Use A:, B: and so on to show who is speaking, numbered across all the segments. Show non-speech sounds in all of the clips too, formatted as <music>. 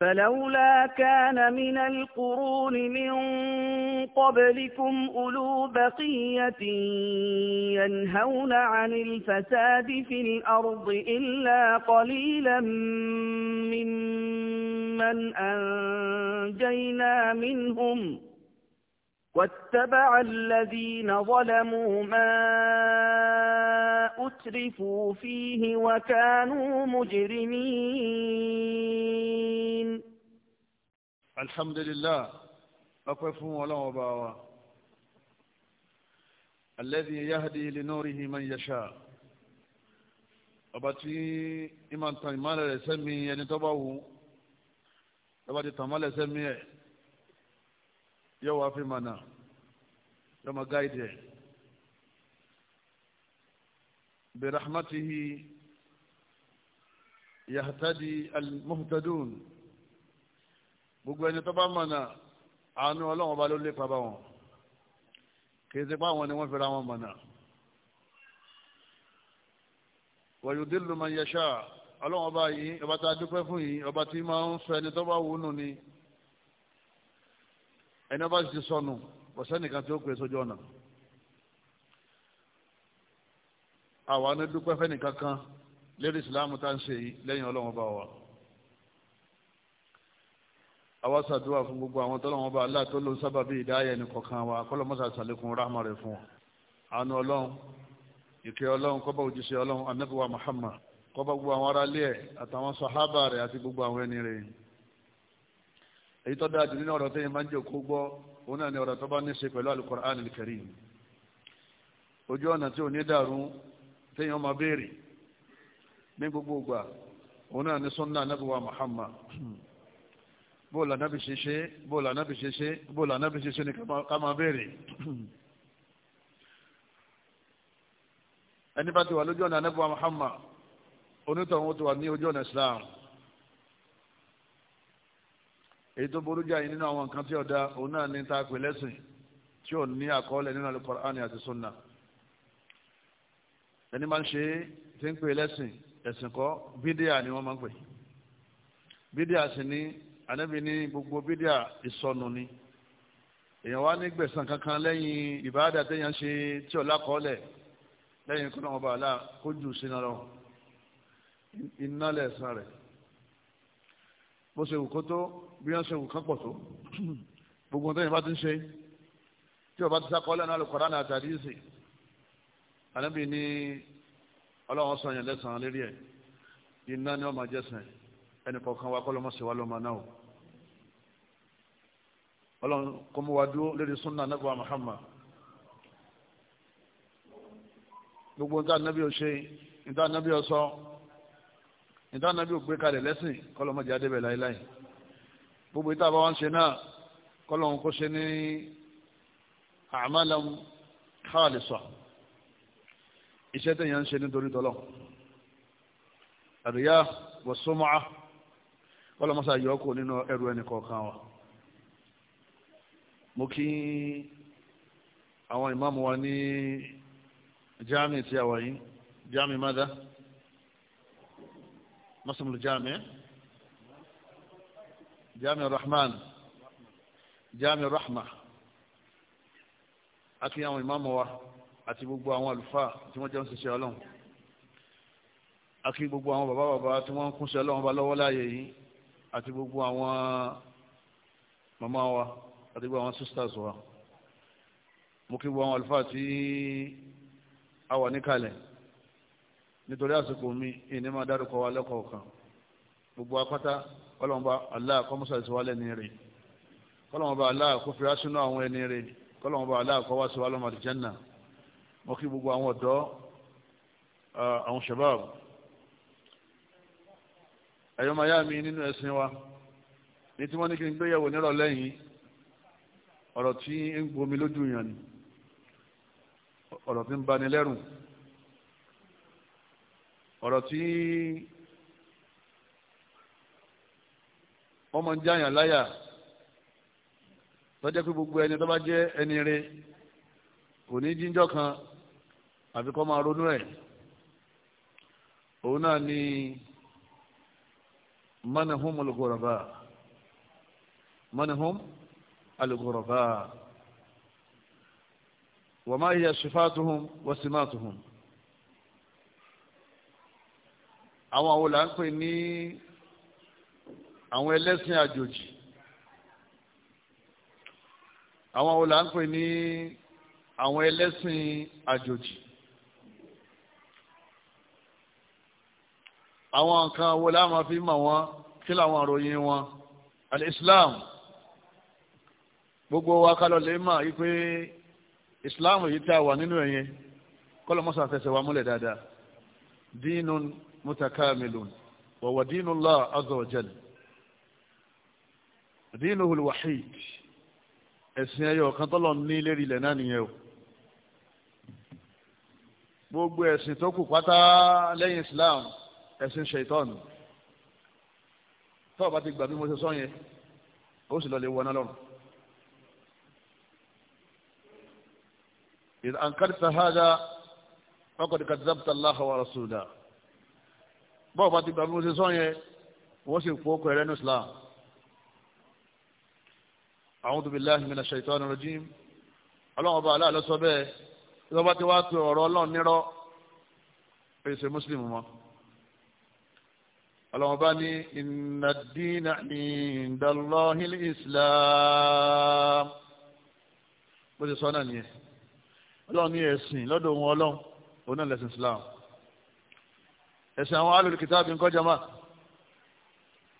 A: فلولا كان من القرون من قبلكم أولو بقية ينهون عن الفساد في الأرض إلا قليلا ممن أنجينا منهم واتبع الذين ظلموا ما أترفوا فيه وكانوا مجرمين الحمد لله أقفهم ولا وباوا الذي يهدي لنوره من يشاء أبتي إمان تنمال لسمي يعني تبعه أبتي تنمال لسمي yóò wá fi mànà yóò máa gáìdì ẹ̀ bi rahmatihi yahtadi al-muhtadun gbogbo ẹni tó bá mànà àánú ọlọ́run ọba ló lépa bá wọn kì í ṣe pé àwọn ni wọ́n fi ra wọn mànà wa yudillu ọlọ́run ọba yìí ọba tá a dúpẹ́ fún yìí ọba tí máa ń sọ ẹni tó bá wù ú nù ni ẹni ọba sì sọnù ọ̀sẹ́nìkan tí ó pè sójú ọ̀nà àwa ní dúpẹ́ fẹ́nìkan kan lérí ìsìláàmù tá ń ṣe yìí lẹ́yìn ọlọ́run bá wa àwa ṣàdúrà fún gbogbo àwọn tọ́lọ́run bá aláà tó ló ń sábà bí ìdáyà ẹnì kọ̀ọ̀kan wa kọ́lọ́mọ́sà ṣàlékún ráhùnmá rẹ̀ fún wa àánú ọlọ́run ìkẹ́ ọlọ́run kọ́bà òjíṣẹ́ ọlọ́run anábíwá Muhammad kọ́bà gbogbo àwọn aráalé ẹ̀ àtàwọn sàhábà rẹ̀ àti gbogbo àwọn ẹni rẹ̀ yìí èyí tó dáa jù nínú ọ̀rọ̀ tẹ́yìn máa ń jẹ́ òkú gbọ́ òun náà ni ọ̀rọ̀ tó bá ní ṣe pẹ̀lú alukur'an al-karim ojú ọ̀nà tí ò ní dàrú tẹ́yìn ọmọ béèrè ní gbogbo ìgbà òun náà ni sunna anabi wa muhammad <clears throat> bóòlù anabi ṣe ṣe bóòlù anabi ṣe ṣe bóòlù anabi ṣe ṣe ni ká máa béèrè <clears throat> ẹni bá ti wà lójú ọ̀nà anabi wa muhammad onítọ̀hún èyí tó burú jáì nínú àwọn nǹkan tí ó da òun náà ní taakù lẹ́sìn tí ò ní àkọọ́lẹ̀ nínú alukur'ani àti sunna ẹni máa ń ṣe tí ń pè lẹ́sìn ẹ̀sìn kọ́ bídíà ni wọ́n máa ń pè bídíà sì ní anábì ní gbogbo bídíà ìsọnù ni èèyàn wá ní gbẹ̀sán kankan lẹ́yìn ìbáàdà téèyàn ṣe tí ò lákọọ́lẹ̀ lẹ́yìn kọ́nà ọba àlà kó sínú lọ iná lẹ̀sán bó ṣe wù kó tó bí wọ́n ṣe wù kán pọ̀ tó gbogbo tó yẹn bá ti ń ṣe tí o bá ti sákọ́ lẹ́nu Al-Qur'an àti àdìsí ànábì ní ọlọ́run sọ yẹn lẹ́sàn-án lérí ẹ̀ iná ni wọ́n máa jẹ́sàn ẹnì kọ̀ọ̀kan wa kọ́lọ́ mọ́sẹ̀ wa ló máa o ọlọ́run kó mú wa dúró lérí súnà nàbà Muhammad gbogbo nǹkan nàbí ò ṣe nǹkan nàbí ò sọ nítorí ànábì ò gbé kalẹ̀ lẹ́sìn kọ́lọ́mọdé adébẹ̀ láéláé gbogbo ìta bá wá ń ṣe náà kọ́lọ́hún kó ṣe ní àmàlà khalisah iṣẹ́ tẹ̀yàn ń ṣe nítorí tọ́lọ́ àríyá wọ̀sọ́mọ́á kọ́lọ́mọ́sá yọ ọkọ̀ nínú ẹrù ẹnì kọ̀ọ̀kan wa mo kí àwọn ìmáàmù wa ní jáàmì tí a wà yìí jáàmì mádá مسلم الجامع جامع الرحمن جامع الرحمة àti àwọn ìmáàmù wa àti gbogbo àwọn àlùfáà tí wọ́n jẹ́ ń ṣiṣẹ́ ọlọ́run àti gbogbo àwọn bàbá bàbá tí wọ́n ń kúnṣẹ́ ọlọ́run bá lọ́wọ́ láàyè yìí àti gbogbo àwọn màmá wa àti gbogbo àwọn sisters wa mo kí gbogbo àwọn àlùfáà tí a wà níkàlẹ̀ nítorí àsìkò mi ìní máa dárúkọ wa lẹ́kọ̀ọ́ kan gbogbo apáta kọ́lọ́mọba aláà kọ́mọ́sà ti wá lẹ́ni rè kọ́lọ́mọba aláà kó fi aṣínú àwọn ẹni rè kọ́lọ́mọba aláà kọ́ wá sí wa lọ́mọ àlìjẹ́nà mo kí gbogbo àwọn ọ̀dọ́ àwọn shabab ẹ̀yọ́ máa yá mi nínú ẹ̀sìn wa ní tí wọ́n ní kí n gbéyàwó nírọ̀lẹ́ yìí ọ̀rọ̀ tí ń gbomi lójú yàn ni ọ̀rọ̀ tí ń bani lẹ́rù ọ̀rọ̀ tí wọ́n máa ń jáyàn láyà tọ́jẹ́ pé gbogbo ẹni tó bá jẹ́ ẹni rẹ kò ní jíjọ́ kan àfi kọ́ máa ronú ẹ̀ òun náà ni manahum al-ghuraba manahum al-ghuraba wa ma hiya sifatuhum wa simatuhum. àwọn àwọn là ń pè ní àwọn ẹlẹ́sìn àjòjì àwọn àwọn là ń pè ní àwọn ẹlẹ́sìn àjòjì àwọn nǹkan wo la fi mọ̀ wọ́n kí làwọn àròyìn wọn al-Islam gbogbo wa kálọ̀ lè mọ̀ yí pé Islam yìí tá a wà nínú ẹ̀yẹn kọ́lọ́mọ́sà fẹsẹ̀ wa múlẹ̀ dáadáa dínú متكامل وهو دين الله عز وجل دينه الوحيد ẹ̀sìn ẹyọ kan tọ́lọ̀ ní lérí ilẹ̀ náà nìyẹn o gbogbo ẹ̀sìn tó kù pátá lẹ́yìn Islam ẹ̀sìn ṣèitọ́nù tó o bá ti gbà bí mo ṣe sọ yẹn ó sì lọ lè wọná lọ́rùn. إذا أنكرت هذا فقد كذبت الله ورسوله bọ́ọ̀ bá ti gbà bí mo ṣe sọ yẹn wọ́n sì fọ́ ọkọ̀ ẹ̀rẹ́nu islam a'udhu billahi minash shaitani rajim ọlọ́run ọba aláàlọ́ sọ bẹ́ẹ̀ ìjọba bá ti wá pe ọ̀rọ̀ ọlọ́run nírọ́ pèsè mùsùlùmí mọ́ ọlọ́run ọba ní inna ad-dina islam bó ṣe sọ náà nìyẹn ọlọ́run ní ẹ̀sìn lọ́dọ̀ òun ọlọ́run òun náà lẹ́sìn islam ẹ̀sìn àwọn alul kitabi ńkọ́ jama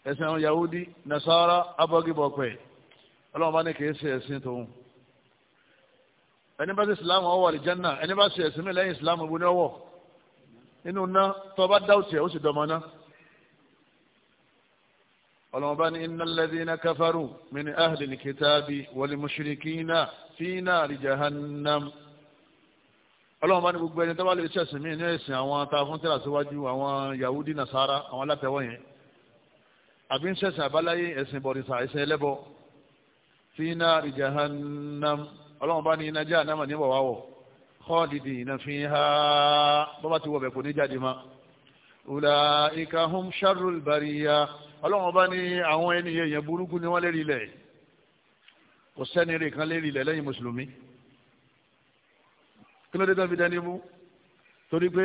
A: ẹ̀sìn àwọn yahudi nasara abọ́gibọ̀pẹ̀ ọlọ́run bá ní kì í ṣe ẹ̀sìn tòun ẹni bá ṣe islam ọwọ́ àlìjánná ẹni bá ṣe ẹ̀sìn mi lẹ́yìn islam ìbú ní ọwọ́ inú ná tó bá dáwùtì ẹ̀ ó sì dọ̀mọ́ ná ọlọ́run bá ní innal ladhina kafaru min ahlil kitabi wal mushrikina fi nari jahannam ọlọ́run bá ní gbogbo ẹni tó bá lè ṣẹ̀sìn mí ní ẹ̀sìn àwọn ta fún tẹ́lá síwájú àwọn Yahudi Nasara àwọn alátẹ̀wọ́ yẹn àbí ń ṣẹ̀sìn àbáláyé ẹ̀sìn bọ̀dìsà ẹ̀sìn ẹlẹ́bọ fi nari jahannam ọlọ́run bá ní iná jahannam ní wọ̀wá wọ̀ khalidina fiha bọ́bá ti wọ̀ bẹ̀ kò ní jáde ma ulaika hum sharrul bariya ọlọ́run bá ní àwọn ẹni yẹn burúkú ni wọ́n lérí ilẹ̀ kò sẹ́ni rè kan lérí ilẹ̀ lẹ́yìn mùsùlùmí kí ló dé tó fi dẹni mú torí pé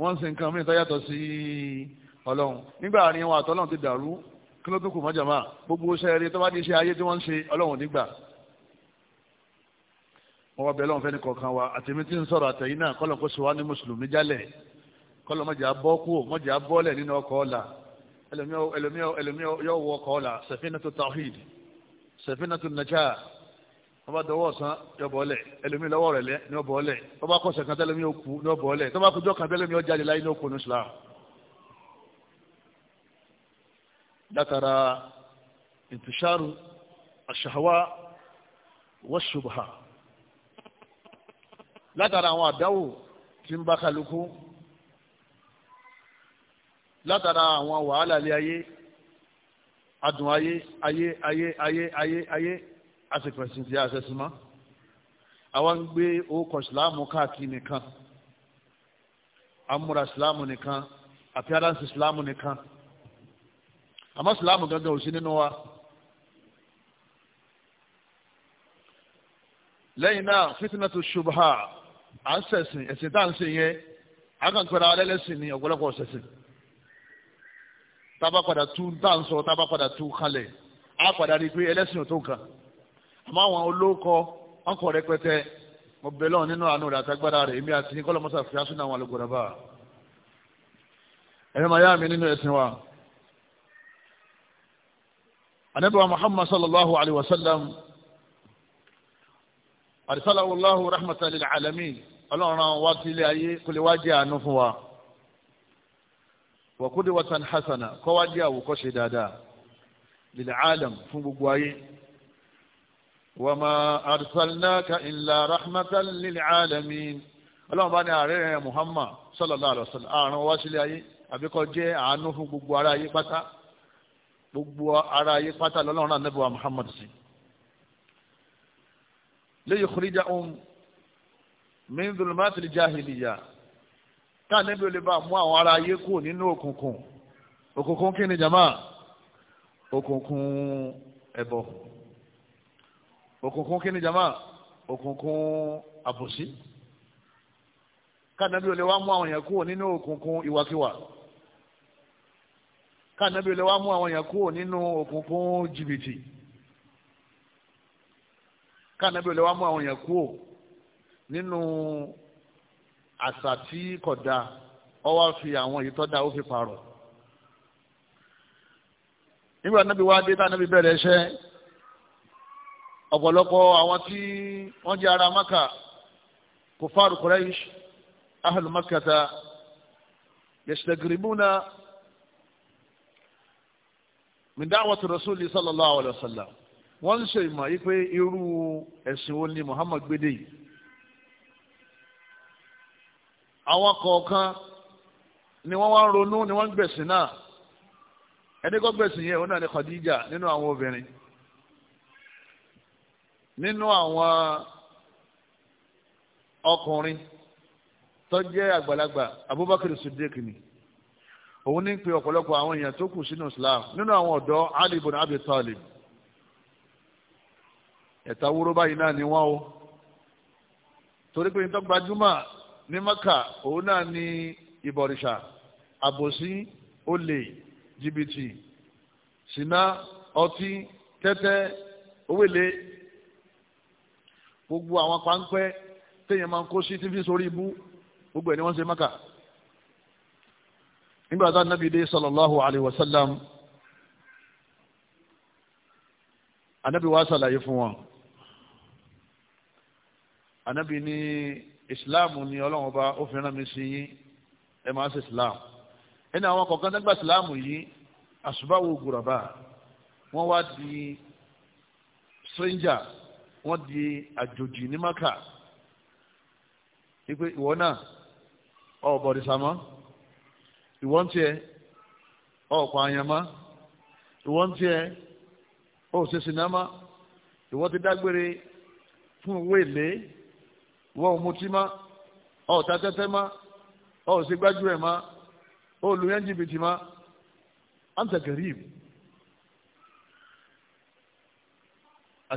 A: wọ́n ń sin nǹkan mí ìtọ́yàtọ̀ sí ọlọ́run nígbà àárín wọn àtọ́lọ́run ti dàrú kí ló tún kù mọ́jàmá gbogbo iṣẹ́ eré tó bá di iṣẹ́ ayé tí wọ́n ń ṣe ọlọ́run nígbà wọ́n wá bẹ̀rẹ̀ lọ́wọ́n fẹ́ni kọ̀ọ̀kan wa àtẹ̀mí tí ń sọ̀rọ̀ àtẹ̀yìn náà kọ́lọ̀ kó sọ̀wá ní mùsùlùmí jálẹ̀ kọ́lọ̀ mọ̀jà bọ́ kú mọ̀jà bọ́lẹ̀ nínú ọkọ̀ ọ̀la ẹlòmíọ̀ yóò wọ ọkọ̀ ọ̀la safinatu tawhid safinatu najah ọba dọwọ́ san yọ bọ́ lẹ̀ ẹlòmíì lọ́wọ́ rẹ̀ lẹ́ ní ọbọ̀ lẹ̀ ọba kọsẹ̀ kan tẹ́lẹ̀mí òkú ní ọbọ̀ lẹ̀ tọ́ba kọjọ́ kan tẹ́lẹ̀mí ọjà líla inú òkú ní Islam. látara ìtìṣàrù àṣàwá wọ́ṣùbà látara àwọn àdáwò tí ń bá kálukú látara àwọn wàhálà ilé ayé adùn ayé ayé ayé ayé ayé ayé. ayé a sì pẹ̀sìn tí a ṣe sí mọ́ àwa ń gbé orúkọ ìsìláàmù káàkiri nìkan amúra ìsìláàmù nìkan appearance ìsìláàmù nìkan àmọ́ ìsìláàmù gangan ò sí nínú wa. lẹ́yìn náà fitina tó ṣubha à ń sẹ̀sìn ẹ̀sìn tá à ń sìn yẹn a kàn pẹ̀lú alẹ́ ní ọ̀pọ̀lọpọ̀ ọ̀sẹ̀sìn tá padà tú tá à ń sọ tá padà tú kalẹ̀ á padà rí i pé ẹlẹ́sìn ò tó nǹkan àmọ́ àwọn olóko wọn kọ̀ rẹpẹtẹ mo bẹ lọ́wọ́ nínú àánú rẹ̀ àtàgbára rẹ̀ èmi àti kọ́lọ́ mọ́sá fi aṣọ náà wọn lóko rẹ̀ bá ẹ̀rọ màá yá mi nínú ẹ̀sìn wa. anabi wa muhammad sallallahu alayhi wa sallam arsalahu allahu rahmatan lil ọlọ́run wa ti ilé ayé kò wá jẹ́ àánú fún wa wa qudwatan hasana kọ́ wá jẹ́ àwòkọ́ṣe dáadáa lil alam fún gbogbo ayé. وما أرسلناك إلا رحمة للعالمين ọlọ́run bá ní ààrẹ rẹ̀ muhammad sallallahu alaihi wasallam àrùn wá sílé ayé àbíkọ́ jẹ́ àánú fún gbogbo ara ayé pátá gbogbo ara ayé pátá lọ́lọ́run náà nẹ́bùwà muhammad sí léyìí kúrìjà ohun min dhulumatil jahiliya ká níbi olè bá mú àwọn ara ayé kù nínú òkùnkùn òkùnkùn kí ni jama òkùnkùn ẹ̀bọ̀ òkùnkùn kí ni jama òkùnkùn àbòsí káàdàbí olè wa mú àwọn yẹn kúrò nínú òkùnkùn ìwàkiwà káàdàbí olè wa mú àwọn yẹn kúrò nínú òkùnkùn jìbìtì káàdàbí olè wa mú àwọn yẹn kúrò nínú àṣà tí kò dáa fi àwọn èyí tó dáa fi pààrọ̀ nígbà nábì wá dé tá nábì bẹ̀rẹ̀ iṣẹ́ ọ̀pọ̀lọpọ̀ àwọn tí wọ́n jẹ́ ara maka kufar Quraysh ahlu makata yastagrimuna min da'wati rasuli sallallahu alayhi wa sallam wọ́n ń ṣe ìmọ̀ yí pé irú ẹ̀sìn wo ni Muhammad gbédè yìí àwọn kọ̀ọ̀kan ni wọ́n wá ń ronú ni wọ́n ń gbẹ̀sìn náà ẹni kọ́ gbẹ̀sìn yẹn òun náà ni Khadija nínú àwọn obìnrin nínú àwọn ọkùnrin tó jẹ́ àgbàlagbà Abubakar Siddiq ni òun ní pe ọ̀pọ̀lọpọ̀ àwọn èèyàn tó kù sínú Islam nínú àwọn ọ̀dọ́ Ali ibn Abi Talib ẹ̀ta wúrú báyìí náà ni wọ́n o torí pé nítorí gbajúmọ̀ ní Maka òun náà ni ìbọ̀rìṣà àbòsí olè jìbìtì ṣìnà ọtí tẹ́tẹ́ owó èlé gbogbo àwọn pańpẹ́ téèyàn máa ń kó sí tí fi sórí ibú gbogbo ẹ̀ ni wọ́n ṣe mọ́kà nígbà tá nàbí dé sallallahu alayhi wa sallam anabi wa ṣàlàyé fún wọn anabi ní ìsìláàmù ni ọlọ́run ọba ó fi rán mi sí yín ẹ máa ṣe ìsìláàmù ẹni àwọn kọ̀ọ̀kan tó gba yìí àṣùbáwò gùràbà wọ́n wá di stranger wọ́n di àjòjì ní maka wípé ìwọ náà ọ̀bọ̀dìsàmọ́ ìwọ ń tiẹ̀ ọ̀pọ̀ àyànmọ́ ìwọ ń tiẹ̀ ọ̀sẹ̀ sinamá ìwọ ti dágbére fún owó èlé ìwọ ò mutí má ọ̀tá tẹ́tẹ́ má ọ̀sẹ̀ gbájú ẹ̀ má olùyẹn jìbìtì má ma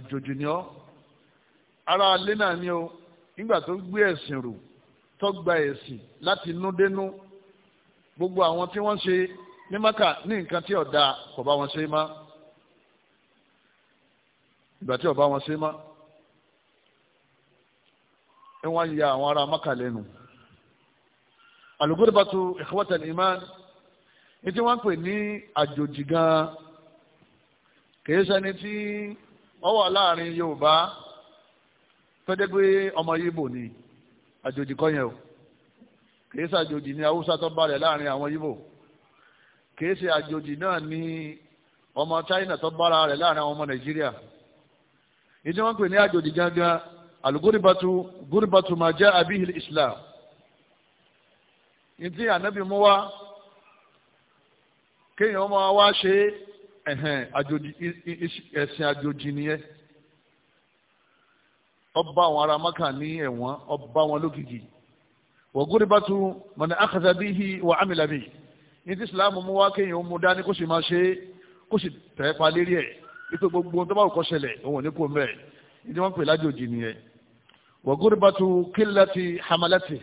A: àjòjì ni ọ́. ara alẹ́ náà ni o nígbà tó gbé ẹ̀sìn rò tó gba ẹ̀sìn láti inú dénú gbogbo àwọn tí wọ́n ṣe ní maka ní nǹkan tí ọ̀dà kò bá wọn ṣe má ìgbà tí ọba wọn ṣe má ẹ wọ́n ya àwọn ará maka lẹ́nu alugudubatu ikhwatan iman ní tí wọ́n ń pè ní àjòjì gan-an kìí ṣẹni tí wọ́n wà láàrin yorùbá tọ́jẹ́ pé ọmọ yíbò ni àjòjì kọ́ yẹn o kìí ṣe àjòjì ní haúsá tó bá rẹ̀ láàrin àwọn yíbò kìí ṣe àjòjì náà ní ọmọ china tó bára rẹ̀ láàrin àwọn ọmọ nàìjíríà ìdí wọn pè ní àjòjì gangan aluguribatu guribatu ma jẹ́ abihil islam ìdí ànábì mú wá kéèyàn máa wá ṣe ẹ̀sìn àjòjì nìyẹn ọba àwọn ará maka ní ẹ̀wọ̀n ọba wọn lókìkì wọ̀gúrí bá tún mọ̀nà àkàtà bí i wà ámìlà bí ní ti ìsìláàmù mú wá kéèyàn mú dání kó sì máa ṣe kó sì tẹ̀ pa lérí ẹ̀ ipò gbogbo tó bá kọ́ ṣẹlẹ̀ òun ò ní kó mẹ́ẹ̀ ìdí wọ́n pè lájòjì nìyẹn wọ̀gúrí bá tún kílàtì hamalati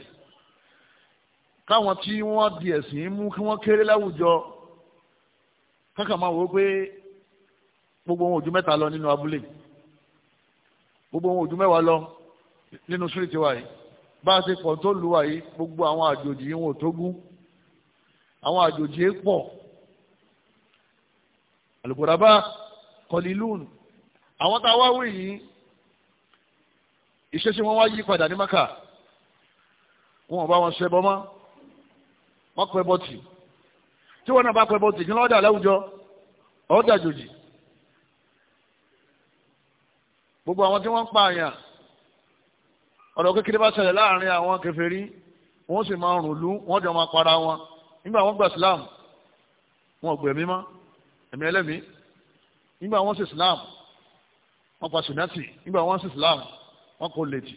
A: káwọn tí wọ́n di ẹ̀sìn mú kí wọ́n kéré láwùjọ kákà máa wò pé gbogbo wọn ò mẹ́ta lọ nínú abúlé gbogbo wọn ò ju mẹ́wàá lọ nínú síríìtì wa yìí bá a ti pọ̀ tó lù wá yìí gbogbo àwọn àjòjì yìí wọn ò tó gún àwọn àjòjì yìí pọ̀ àlùkòràbá kọlílùn àwọn tá a wá wí yìí ìṣesí wọn wá yí padà ní maka wọn ò bá wọn ṣẹbọ mọ́ wọn pẹ bọtì tí wọn náà bá pẹ bọtì kí wọn dà láwùjọ ọ̀ọ́dà àjòjì. gbogbo àwọn tí wọ́n ń pààyàn ọ̀rọ̀ kékeré bá ṣẹlẹ̀ láàrin àwọn kèfèrí wọ́n sì máa rùn lú wọ́n jọ máa para wọn nígbà wọ́n gba Islam wọn gbẹ̀mí mọ́ ẹ̀mí ẹlẹ́mìí nígbà wọ́n sì Islam wọ́n pa sinati nígbà wọ́n sì Islam wọ́n kò lè jì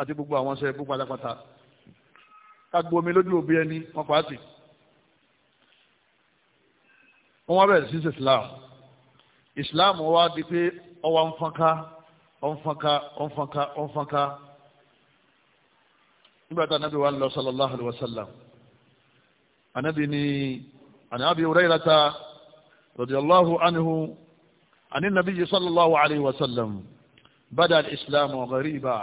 A: àti gbogbo àwọn ṣe gbogbo alápàtà kágbó omi lójú òbí ẹni wọ́n pa á tì wọ́n wá bẹ̀rẹ̀ sí Islam Islam wá di pé ọwọ́ ń ọ̀nfọ̀nká ọ̀nfọ̀nká ọ̀nfọ̀nká nígbà tá anábì wa lọ sallallahu alayhi wa sallam anábì ni anábì Hurayrata radiyallahu anhu عن النبي صلى الله عليه وسلم بدأ الإسلام غريبا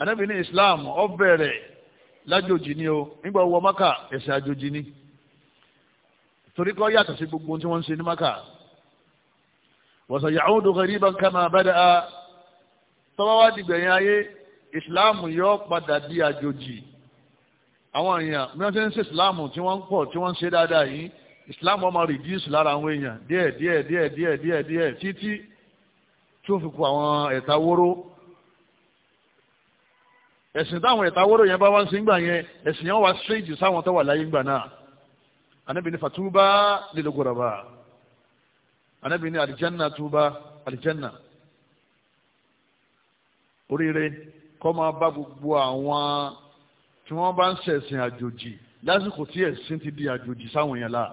A: أنا بني إسلام أبري لا جوجيني nígbà wọ Mákà ẹ̀sìn àjòjì ni torí kò yàtọ̀ sí gbogbo tí wọ́n ń ṣe ní Mákà wọ̀sàyàwódò gariban kama bada'a tọ́wọ́wá dìgbẹ̀yìn ayé ìsìláàmù yọ padà di àjòjì àwọn èèyàn mìíràn ṣe ń ṣe ìsìláàmù tí wọ́n ń pọ̀ tí wọ́n ń ṣe dáadáa yìí ìsìláàmù ọmọ rìdíùsì lára àwọn èèyàn díẹ̀ díẹ̀ díẹ̀ díẹ̀ díẹ̀ díẹ̀ títí tí ó fi kú àwọn ẹ̀ta wóró ẹ̀sìn táwọn ẹ̀ta wóró yẹn bá wá ń sin gbà yẹn ẹ̀sìn yẹn wá ṣéèjì sáwọn tó wà láyé gbà náà anábìnrin fàtúbà lílogoraba anábì ní àlìjánà túbá àlìjánà oríire kọ́ máa bá gbogbo àwọn tí wọ́n bá ń ṣẹ̀sìn àjòjì lásìkò tí ẹ̀sìn ti di àjòjì sáwọn èèyàn láà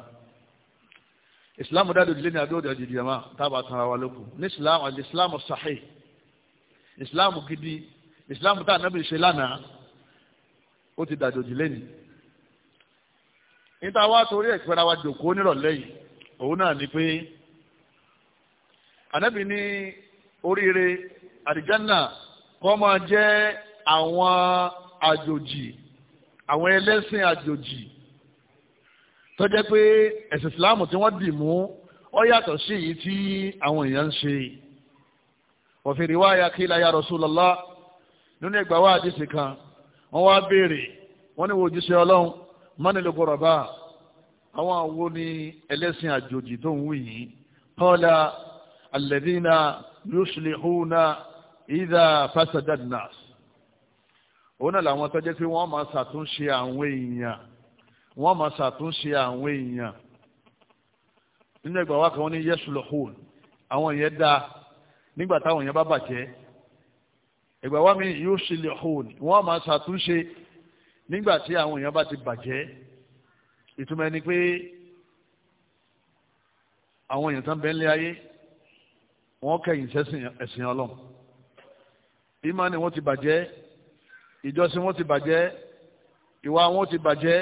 A: islam dadu lini abi odo ajidi yama taba tara wa loko ni islam al islam sahih islam gidi islam ta nabi ṣe lánàá ó ti dàjò jì níta wá torí ẹ̀ pẹ́ra wa jòkó nírọ̀lẹ́ òun náà ni pé ànábì ní oríire àdìjánà kọ́ máa jẹ́ àwọn àjòjì àwọn ẹlẹ́sìn àjòjì tó jẹ́ pé ẹ̀sìn ìsìláàmù tí wọ́n dì mú ó yàtọ̀ sí èyí tí àwọn èèyàn ń ṣe wa fi riwaya qila ya Rasulullah nínú ìgbà wa àdìsí kan wọ́n wá béèrè wọ́n ní wòjúṣe ọlọ́run mọ́nìlú gbọ́rọ̀ àwọn àwo ni ẹlẹ́sìn àjòjì tó ń wù yìí kọ́lá alẹ́dínà yuslihuna ìdá fásádà nas òun náà làwọn tó jẹ́ pé wọ́n máa ṣàtúnṣe àwọn èèyàn wọ́n máa ṣàtúnṣe àwọn èèyàn nínú ẹgbàá wa kan ní yuslihun àwọn èèyàn dáa nígbà táwọn èèyàn bá bàjẹ́ ẹgbàá wa mi yuslihun wọ́n máa ṣàtúnṣe nígbà tí àwọn èèyàn bá ti bàjẹ́ ìtumọ̀ ẹni pé àwọn èèyàn tán bẹ́ẹ̀ lé ayé wọ́n kẹ̀yìn sẹ́sìn ẹ̀sìn ọlọ́run ìmánì wọn ti bàjẹ́ ìjọsìn wọn ti bàjẹ́ ìwà wọn ti bàjẹ́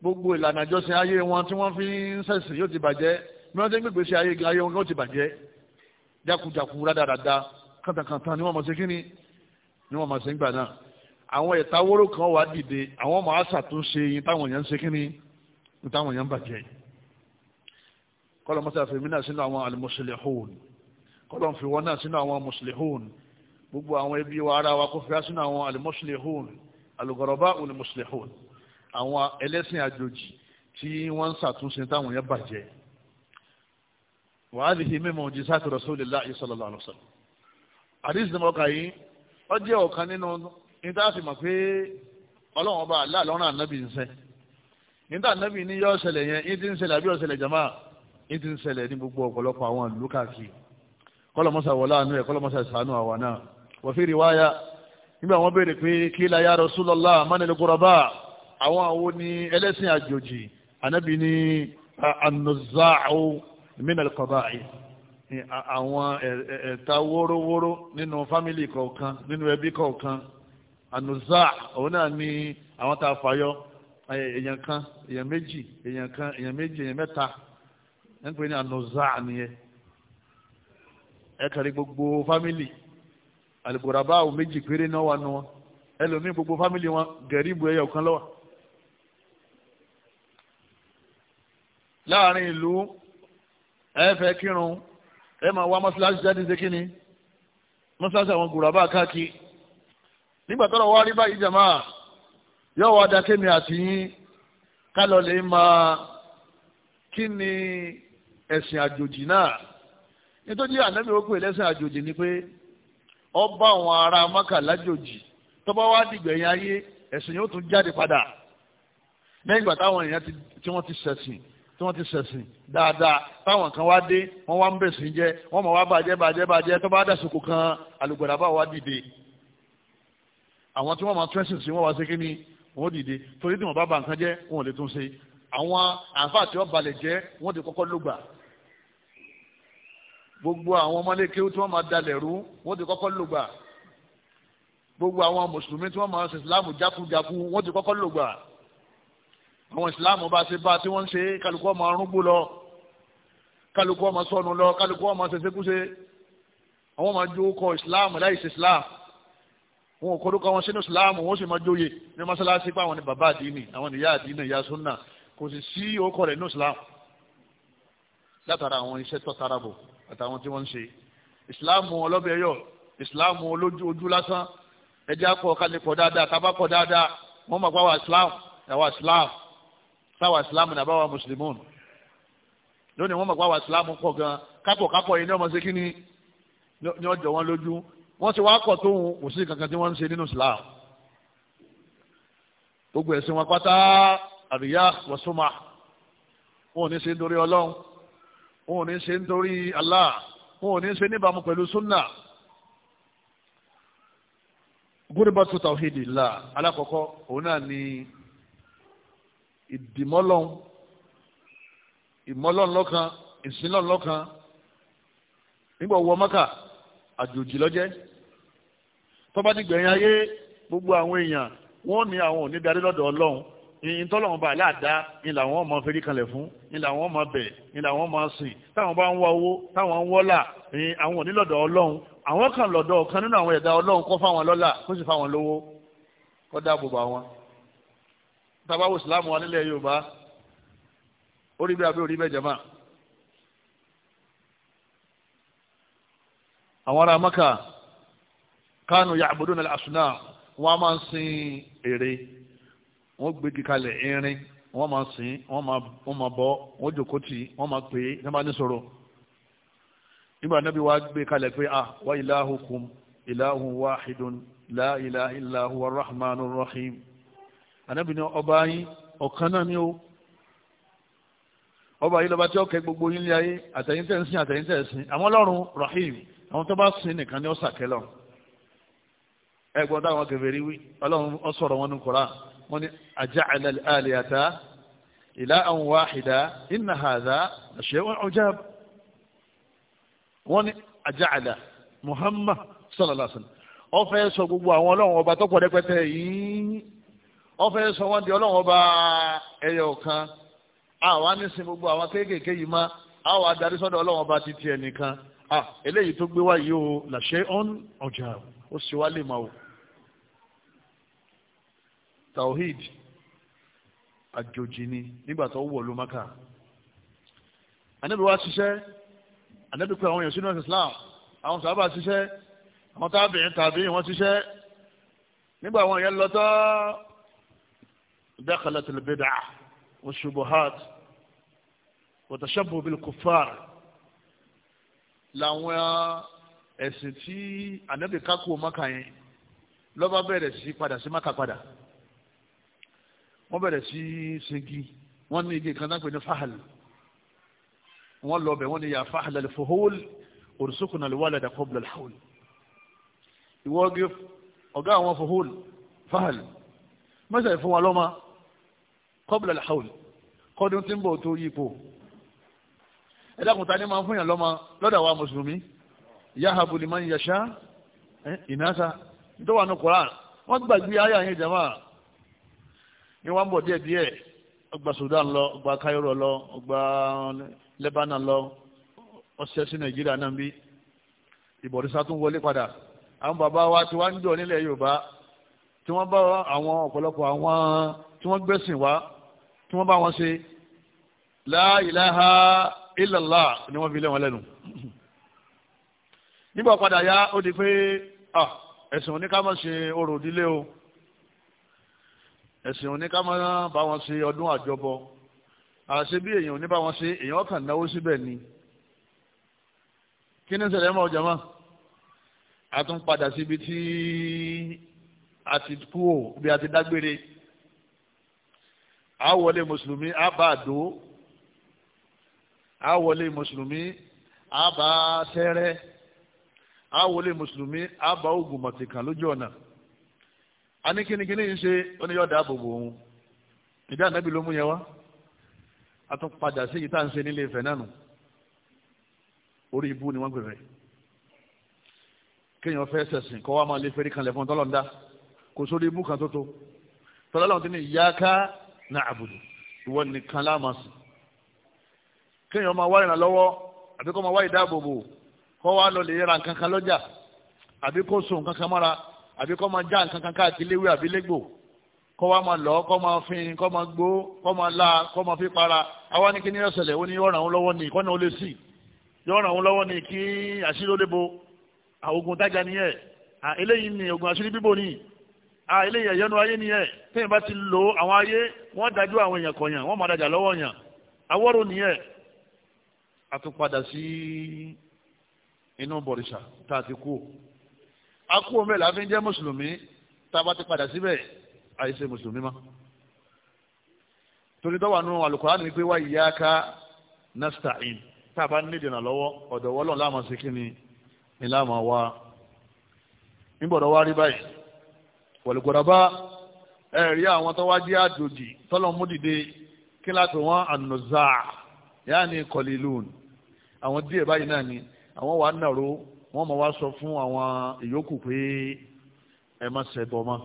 A: gbogbo ìlànà ìjọsìn ayé wọn tí wọ́n fi ń sẹ̀sìn yóò ti bàjẹ́ bí wọ́n ti ń gbègbè sí ayé ayé wọn yóò ti bàjẹ́ jákujàku rádaràda kàntàkàntà ni wọ́n mọ̀ sí kíni ni wọ́n mọ̀ sí gbà náà àwọn ìtawóró kan wà dìde àwọn ọmọ àṣà tó ṣe yín táwọn èèyàn ń ṣe kíni táwọn èèyàn ń bàjẹ́ kọ́lọ́mọ́sá fèmínà sínú àwọn al-muslihun kọ́lọ́n fi wọ́n náà sínú àwọn muslihun gbogbo àwọn ẹbí wa ara wa kó fi sínú àwọn alimuslihun alugọ̀rọ̀bá olùmuslihun àwọn ẹlẹ́sìn àjòjì tí wọ́n ń ṣàtúnṣe táwọn yẹn bàjẹ́ wàhálì yìí mímọ jí sáà tọrọ sóòlì láàyè sallallahu alaihi wasallam àdìsí ni ọkà yìí ó jẹ́ ọ̀kan nínú nítaàsì mọ̀ pé ọlọ́run ọba àlá lọ́rùn ànábì ń sẹ́ níta ànábì ní yọ́ ọ̀sẹ̀lẹ̀ yẹn ní ti ń ṣẹlẹ̀ àbí ọ̀sẹ̀lẹ̀ jama ní ti ń ṣẹlẹ̀ ní gbogbo ọ̀pọ̀lọpọ̀ àwọn ìlú káàkiri kọlọmọsà wọlá àánú ẹ̀ kọlọmọsà ìsànú àwa náà wa fi riwaya nígbà wọ́n béèrè pé kí la ya Rasulullah mánilẹ̀ gọ́rọ̀bá àwọn àwọn ní ẹlẹ́sìn àjòjì anábì ní an-nuzza'u min al-qaba'i àwọn ẹ̀ta wórówóró nínú fámìlì kọ̀ọ̀kan nínú ẹbí kọ̀ọ̀kan an-nuzza' òun náà ní àwọn tá fàyọ èèyàn kan èèyàn méjì èèyàn kan èèyàn méjì èèyàn mẹ́ta ń pè ní an nìyẹn ẹ̀kàrí gbogbo fámìlì àlùkòràbá àwọn méjì péré náà wà nù wọn ẹlòmíì gbogbo fámìlì wọn gẹ̀ríbù ẹyọ kan lọ́wọ́. láàrin ìlú ẹ fẹ́ kírun ẹ máa wá mọ́ṣáláṣí jáde ṣe kí ni mọ́ṣáláṣí àwọn gòràbá káàkiri nígbà tọ́rọ̀ wá rí báyìí jàmáà yóò wá dákémi àti yín kálọ̀ lè máa kí ni ẹ̀sìn àjòjì náà nítorí ànábì ó pè lẹ́sìn àjòjì ni pé ọba àwọn ará maka lájòjì tọ́ba wá dìgbẹ̀yìn ayé ẹ̀sìn yóò tún jáde padà lẹ́yìn ìgbà táwọn èèyàn tí wọ́n ti ṣẹ̀sìn tí wọ́n ti ṣẹ̀sìn dáadáa táwọn kan wá dé wọ́n wá ń bẹ̀sìn jẹ́ wọ́n mọ̀ wá bàjẹ́ bàjẹ́ bàjẹ́ tọ́ba dàsìkò kan àlùgbàdà bá wá dìde àwọn tí wọ́n máa tún ẹ̀sìn sí wọ́n wá sí kíní wọ́n dìde torí tí wọ́n bá ba nǹkan jẹ́ wọ́n ò lè tún ṣe àwọn àǹfààní tí wọ́n balẹ̀ jẹ́ wọ́n ti kọ́kọ́ lùgbà gbogbo àwọn ọmọléke tí wọ́n máa dalẹ̀ rú wọ́n ti kọ́kọ́ lògbà gbogbo àwọn mùsùlùmí tí wọ́n máa ṣe ìsìláàmù jákujáku wọ́n ti kọ́kọ́ lògbà àwọn ìsìláàmù bá ṣe bá tí wọ́n ń ṣe kálukú ọmọ arúgbó lọ kálukú ọmọ sọnù lọ kálukú ọmọ ṣẹṣẹkúṣe àwọn máa jó kọ islam láì ṣe islam wọn ò kọ́dúkọ wọn sínú ìsìláàmù wọn sì máa jóye ní mọ́ṣáláṣí pé àwọn ni bàbá àdínì àwọn ni ìyá àdínì ìyá súnà kò sì sí orúkọ rẹ̀ nínú ìsìláàmù látara àwọn iṣẹ́ tó tarabò àtàwọn tí wọ́n ń ṣe ìsìláàmù ọlọ́bẹ̀ yọ ìsìláàmù olójú ojú lásán ẹjẹ́ akọ kálí kọ dáadáa tábà kọ dáadáa wọ́n mọ̀ pé àwa islam àwa islam sáwa islam ní àbáwa mùsùlùmùn lónìí wọ́n mọ̀ pé àwa islam pọ̀ gan kápọ̀ kápọ̀ yìí ní ọmọ sí kíní ní ọjọ́ wọn lójú wọ́n ti wá kọ̀ tóun kò sí kankan tí wọ́n ń ṣe nínú islam gbogbo ẹ̀sìn wọn pátá àríyá wọ́n súnmọ́ wọn ò ní ṣe nítorí ọlọ́run wọn ò ní ṣe nítorí Allah wọn ò ní ṣe níbàámu pẹ̀lú sunna gúrúbàtú tawhidi la alákọ̀ọ́kọ́ òun náà ni ìdìmọ́lọ́n ìmọ́lọ́n lọ́kan ìsinlọ́n lọ́kan nígbà owó ọmọkà àjòjì lọ́jẹ́ tọ́ba ti gbẹ̀yìn ayé gbogbo àwọn èèyàn wọ́n ní àwọn ò ní darí lọ́dọ̀ ọlọ́run ìyìn tọ́lọ́wọ́n bá aláàdá ni làwọn ọmọ fẹ́rí kanlẹ̀ fún ni làwọn ọmọ bẹ̀ ni làwọn ọmọ sìn táwọn bá ń wá owó táwọn ń wọ́là ni àwọn ò ní lọ́dọ̀ ọlọ́run àwọn kan lọ́dọ̀ kan nínú àwọn ẹ̀dá ọlọ́run kọ́ fáwọn lọ́là kó sì fáwọn lówó kó dáàbò bá wọn. tabawo islam wa nílẹ̀ yorùbá orí bí abẹ́ orí bẹ́ẹ̀ jẹ́mà. àwọn ará maka kánú ya'buduna al-asnam wọn a máa ń sin ère wọ́n gbégi kalẹ̀ irin wọ́n máa sìn wọ́n máa bọ́ wọ́n jòkó tì wọ́n máa pè é ní wọ́n bá ní sọ̀rọ̀ nígbà náà bí wàá gbé kalẹ̀ pé ah wa ilahukum ilahun wahidun la ilaha illa huwa rahmanur rahim ànábì ní ọba yín ọ̀kan náà ni ó ọba yìí lọ́ba tí ó kẹ́ gbogbo yín lé ayé àtẹ̀yìn tẹ̀ ń sìn àtẹ̀yìn tẹ̀ ń sìn àwọn ọlọ́run rahim àwọn tó bá sìn nìkan ni ó sàkẹ́ lọ ẹ̀gbọ́n táwọn kèfèrí wí ọlọ́run ó sọ̀rọ̀ wọn ní Kùránì wọ́n ní aja'ala al-alihata ilahan wahida inna hadha shay'un ujab wọ́n ní aja'ala Muhammad sallallahu alaihi wasallam ó fẹ́ sọ gbogbo àwọn ọlọ́run ọba tó pọ̀ rẹpẹtẹ yìí ó sọ wọ́n di ọlọ́run ọba ẹyọ kan àwa nísìn gbogbo àwọn kéékèèké yìí má àwa adarí sọ́dọ̀ ọlọ́run ọba títí ẹnìkan eléyìí tó gbé wá o làṣẹ ọ̀n ọjà ó sì wá lè máa wò tawhid àjòjì ni nígbà tó wọ̀ ló maka anabi wa ṣiṣẹ́ anabi pé àwọn èèyàn sínú islam àwọn sábà ṣiṣẹ́ àwọn tábìrin tàbí wọn ṣiṣẹ́ nígbà àwọn èèyàn lọ tán dakhalat al-bid'ah wash-shubuhat wa tashabbuh bil làwọn ẹ̀sìn tí anabi kákó maka yẹn lọ́ba bẹ̀rẹ̀ sí padà sí maka padà wọ́n bẹ̀rẹ̀ sí segi wọ́n ní igi kan náà pè ní fahal wọ́n lọ bẹ̀ wọ́n ní ya fahal al-fuhul ursukuna al-walada qabla al-hawl ìwọ́gi ọ̀gá àwọn fuhul fahal mọ́sẹ̀ fún wa lọ́mọ qabla al-hawl kọ́dún tí ń bọ̀ tó yípo ẹ̀dàkùnta ní máa fún yàn lọ́mọ lọ́dà wa mùsùlùmí yahabu liman yasha ìnáta eh, tó wà ní Qur'an wọ́n gbàgbé ayé àyè jama'a Ni wọ́n ń bọ̀ díẹ̀ ọgbà Sudan lọ ọgbà Cairo lọ ọgbà Lebanon lọ ọ̀sẹ̀ sí Nàìjíríà náà bí ìbọ̀dísá tún wọlé padà àwọn bàbá wa tí wọ́n ń jọ nílẹ̀ Yorùbá tí wọ́n bá àwọn ọ̀pọ̀lọpọ̀ àwọn tí wọ́n gbẹ̀sìn wá tí wọ́n bá wọn ṣe la ilaha illallah ni wọ́n fi lé wọn lẹ́nu nígbà padà yá ó di pé ah, ẹ̀sìn oníkàmọ̀ ṣe orò ìdílé o ẹ̀sìn òní ká máa bá wọn ṣe ọdún àjọbọ àṣẹ bí èèyàn òní bá wọn ṣe èèyàn kàn náwó síbẹ̀ ni kí ni ṣẹlẹ̀ mọ́ ọjà máa a tún padà síbi tí a ti kú ò bí a ti dágbére a wọlé mùsùlùmí a bá àdó a wọlé mùsùlùmí a bá sẹ́rẹ́ a wọlé mùsùlùmí a bá oògùn mọ̀tìkàn lójú ọ̀nà. a ní kíni onye ṣe ó ní yọ dáàbò òun ló mú wá a tún padà sí yìí tá à ń ṣe nílé Ifẹ̀ náà nù orí ibú ni wọ́n gbé kéèyàn wa máa lè fún kò sórí ibú kan tó tó ti ní na àbùdù ìwọ nìkan láàmásì kéèyàn máa wá àbí kó máa wá ìdáàbòbò lọ lè nǹkan kan àbí kó nǹkan kan àbí kọ́ máa já nǹkan kan káàkiri léwé àbí légbò kọ́ wa máa lọ kọ́ máa fin kọ́ máa gbó kọ́ máa la kọ́ máa fi para àwa ní kí ní ọ̀sẹ̀lẹ̀ ó ní yọ̀ràn òun lọ́wọ́ ní ìkọ́nà ó lè sí yọ̀ràn òun lọ́wọ́ ní kí àṣírí ó lébo àogun tájà nìyẹn à eléyìí ni ogun àṣírí bíbò ní à eléyìí ẹ̀yọ́nu ayé nìyẹn téèyàn bá ti lo àwọn ayé wọ́n dájú àwọn èèyàn kọ̀yàn wọ́n máa dájà lọ́wọ́ yàn awọ́rò nìyẹn àtúpadà sí inú bọ̀rìṣà tá a ti kú akú omi ẹ̀ láfi ń jẹ́ mùsùlùmí tá a bá ti padà síbẹ̀ àìṣe mùsùlùmí mọ́ torí tó nù al ni pé wá iyyaka nasta'in tá ní ìdènà lọ́wọ́ ọ̀dọ̀ wọ́lọ́ láàmú sí kí ni ìlànà wa nígbọ̀dọ̀ wá rí báyìí wọ̀lùkọ̀dọ̀bá ẹ̀rí àwọn tó wá jẹ́ àjòjì tọ́lọ̀ mú dìde kí láti wọ́n ànùzà yáà ní kọlìlún àwọn díẹ̀ báyìí náà ni àwọn wà nàró wọ́n mọ̀ wá sọ fún àwọn ìyókù pé ẹ má ṣẹbọ mọ́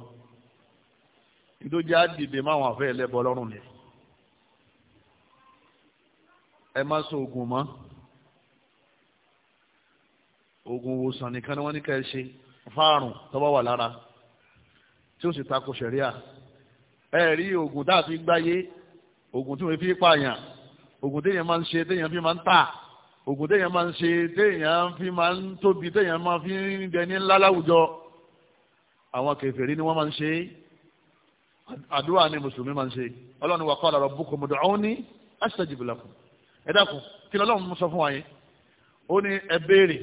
A: ìdójá dìde máwọn àfẹ́ ẹlẹ́bọ lọ́rùn ni ẹ má sọ oògùn mọ́ oògùn ìwòsàn nìkan ni wọ́n ní ká ẹ ṣe fáàrùn tó wà lára tí ó sì tako ṣẹ̀ríà ẹ rí oògùn dáàfin gbáyé oògùn tí wọ́n fi pààyàn oògùn téèyàn máa ń ṣe téèyàn fi máa ń tà ògùn téèyàn máa ń ṣe téèyàn fi máa ń tóbi téèyàn máa fi ń dẹni ńlá láwùjọ àwọn kèfèrí ni wọ́n máa ń ṣe àdúrà ni mùsùlùmí máa ń ṣe ọlọ́run wa qala rabbukum ud'uni astajib lakum ẹ dákun kí lọ́lọ́run sọ fún wa yẹn ó ní ẹ béèrè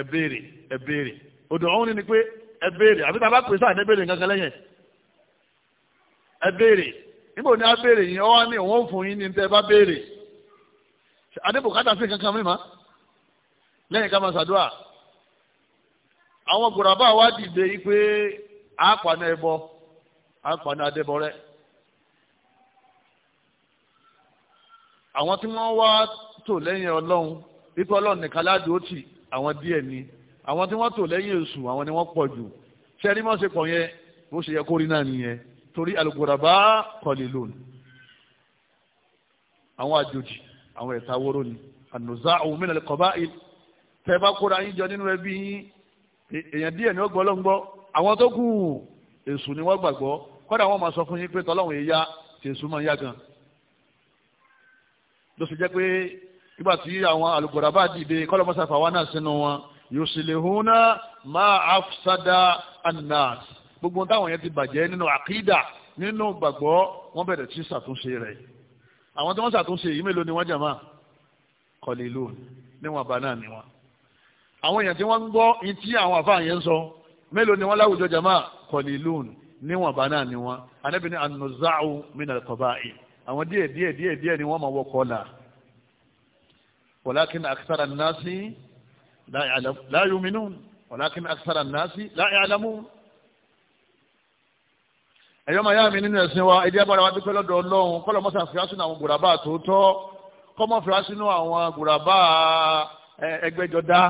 A: ẹ béèrè ẹ béèrè ud'uni ni pé ẹ béèrè àbí tá a bá pè sáà ní béèrè nǹkan kan lẹ́yìn ẹ béèrè níbo ni a béèrè yìí ọ wá ní òun ò fún yín ní tẹ́ ẹ bá béèrè adébùkátà sí kankan mímọ́ lẹ́yìn ká máa ṣàdúrà àwọn gbòràbà wa dìde yìí pé àápàná ẹbọ àápàná adébọrẹ àwọn tí wọ́n wá tò lẹ́yìn ọlọ́run wípé ọlọ́run nìkan ládùú ó tì àwọn díẹ̀ ni àwọn tí wọ́n tò lẹ́yìn èṣù àwọn ni wọ́n pọ̀ jù sẹ́ni mọ́ ṣe pọ̀ yẹn bó ṣe yẹ kó rí náà nìyẹn torí alùpùpù rà bá kọ̀lì lónìí àwọn àjòjì àwọn ẹ̀ta wóró ni an-nuza'u min al-qaba'il tẹ́ bá kóra yín jọ nínú ẹbí yín èèyàn díẹ̀ ni ó gbọ́ lọ́ngbọ́ àwọn tó kù èṣù ni wọ́n gbàgbọ́ kọ́dà wọ́n máa sọ fún yín pé tọ́lọ́hún èyá tí èṣù máa ń yá gan ló sì jẹ́ pé nígbà tí àwọn àlùkòrà bá dìde kọ́lọ́mọ́sá fàwa náà sínú wọn yuslihuna ma afsada an-nas gbogbo táwọn yẹn ti bàjẹ́ nínú àkídà nínú gbàgbọ́ wọ́n bẹ̀rẹ̀ sí ṣàtúnṣe rẹ̀ àwọn tí wọ́n ṣàtúnṣe yìí mélòó ni wọ́n jàmá kọlìlú níwọ̀n bá náà ni wọ́n àwọn èèyàn tí wọ́n ń gbọ́ ìtí àwọn àfáà yẹn ń sọ mélòó ni wọ́n láwùjọ jàmá kọlìlú níwọ̀n bá náà ni wọ́n anábì ní anuzaahu minal àwọn díẹ̀ díẹ̀ díẹ̀ díẹ̀ ni wọ́n máa wọ kọlà walakin akthara nasi la yu'minun walakin akthara nasi la ya'lamun ẹ̀yọ́ máa yá mi nínú ẹ̀sìn wa ẹ̀dí abára wa dúpẹ́ lọ́dọ̀ ọlọ́run kọ́lọ̀ mọ́sà fìyà sínú àwọn gbòràbá tòótọ́ kọ́mọ́ fìyà sínú àwọn gbòràbá ẹgbẹ́jọdá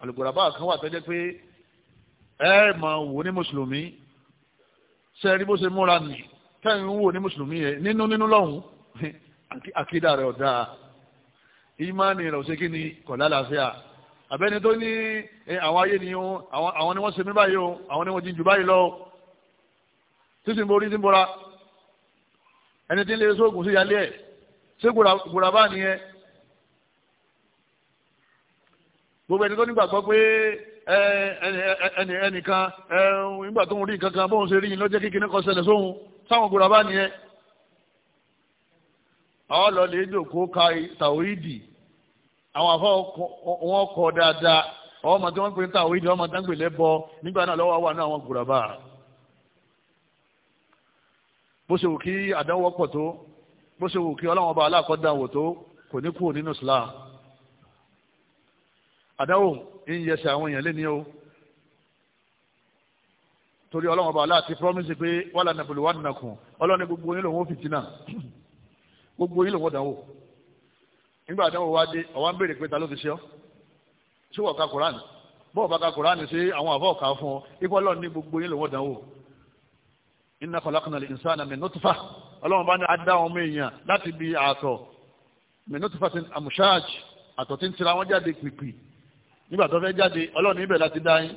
A: àlùgbòràbá kan wà tọ́jẹ́ pé ẹ máa wò ní mùsùlùmí ṣe rí bó ṣe múra nì kẹ́yìn ń wò ní mùsùlùmí yẹn nínú nínú lọ́hùn <laughs> àkídà rẹ̀ ọ̀dà ìmánì rẹ̀ ò ṣe kí ni kọ̀lá làáfíà àbẹ́ni tó ní àwọn ayé ni àwọn ni wọ́n ṣe mí báyìí o àwọn ni wọ́n jí jù báyìí lọ́wọ́ sísì ń borí sí ń bora ẹni tí ń lé sóògùn sí yálé ẹ̀ ṣé gbòràbá nìyẹn gbogbo ẹni tó nígbàgbọ́ pé ẹnìkan nígbà tó ń rí nǹkan kan bóun ṣe rí yín lọ́jọ́ kékeré kan ṣẹlẹ̀ sóhun sáwọn gbòràbá nìyẹn àwọn lọ lè jòkó ka tàwídì àwọn afọ wọn kọ dáadáa ọmọ tí wọn pè ní tàwídì ọmọ tí wọn pè lẹbọ nígbà náà lọ́wọ́ wà ní àwọn gbòràbá bó ṣe wù kí àdánwò pọ̀ tó bó ṣe wù kí ọlọ́run ọba aláàkọ́dáwò tó kò ní kúrò nínú Islam àdánwò ń yẹsẹ̀ àwọn èèyàn lẹ́ni o torí ọlọ́run ọba aláàtí promise pé wàlà nàbẹ̀lú wà nàkùn ọlọ́run ní gbogbo yín lòun ó fìtínà gbogbo yín lòun ó dánwò nígbà àdánwò wá dé ọ̀wá ń béèrè pé ta ló fi ṣe ọ́ ṣé wọ́n ka Kùránì bọ́ọ̀ bá ka Kùránì sí àwọn àbọ̀ ọ̀ka inna khalaqna al-insana min nutfah ọlọ́run bá ní adá ọmọ èèyàn láti bí àtọ̀ min nutfatin amshaj àtọ̀ tí ń tira wọn jáde pìpì nígbà tó fẹ́ jáde ọlọ́run níbẹ̀ láti dá yín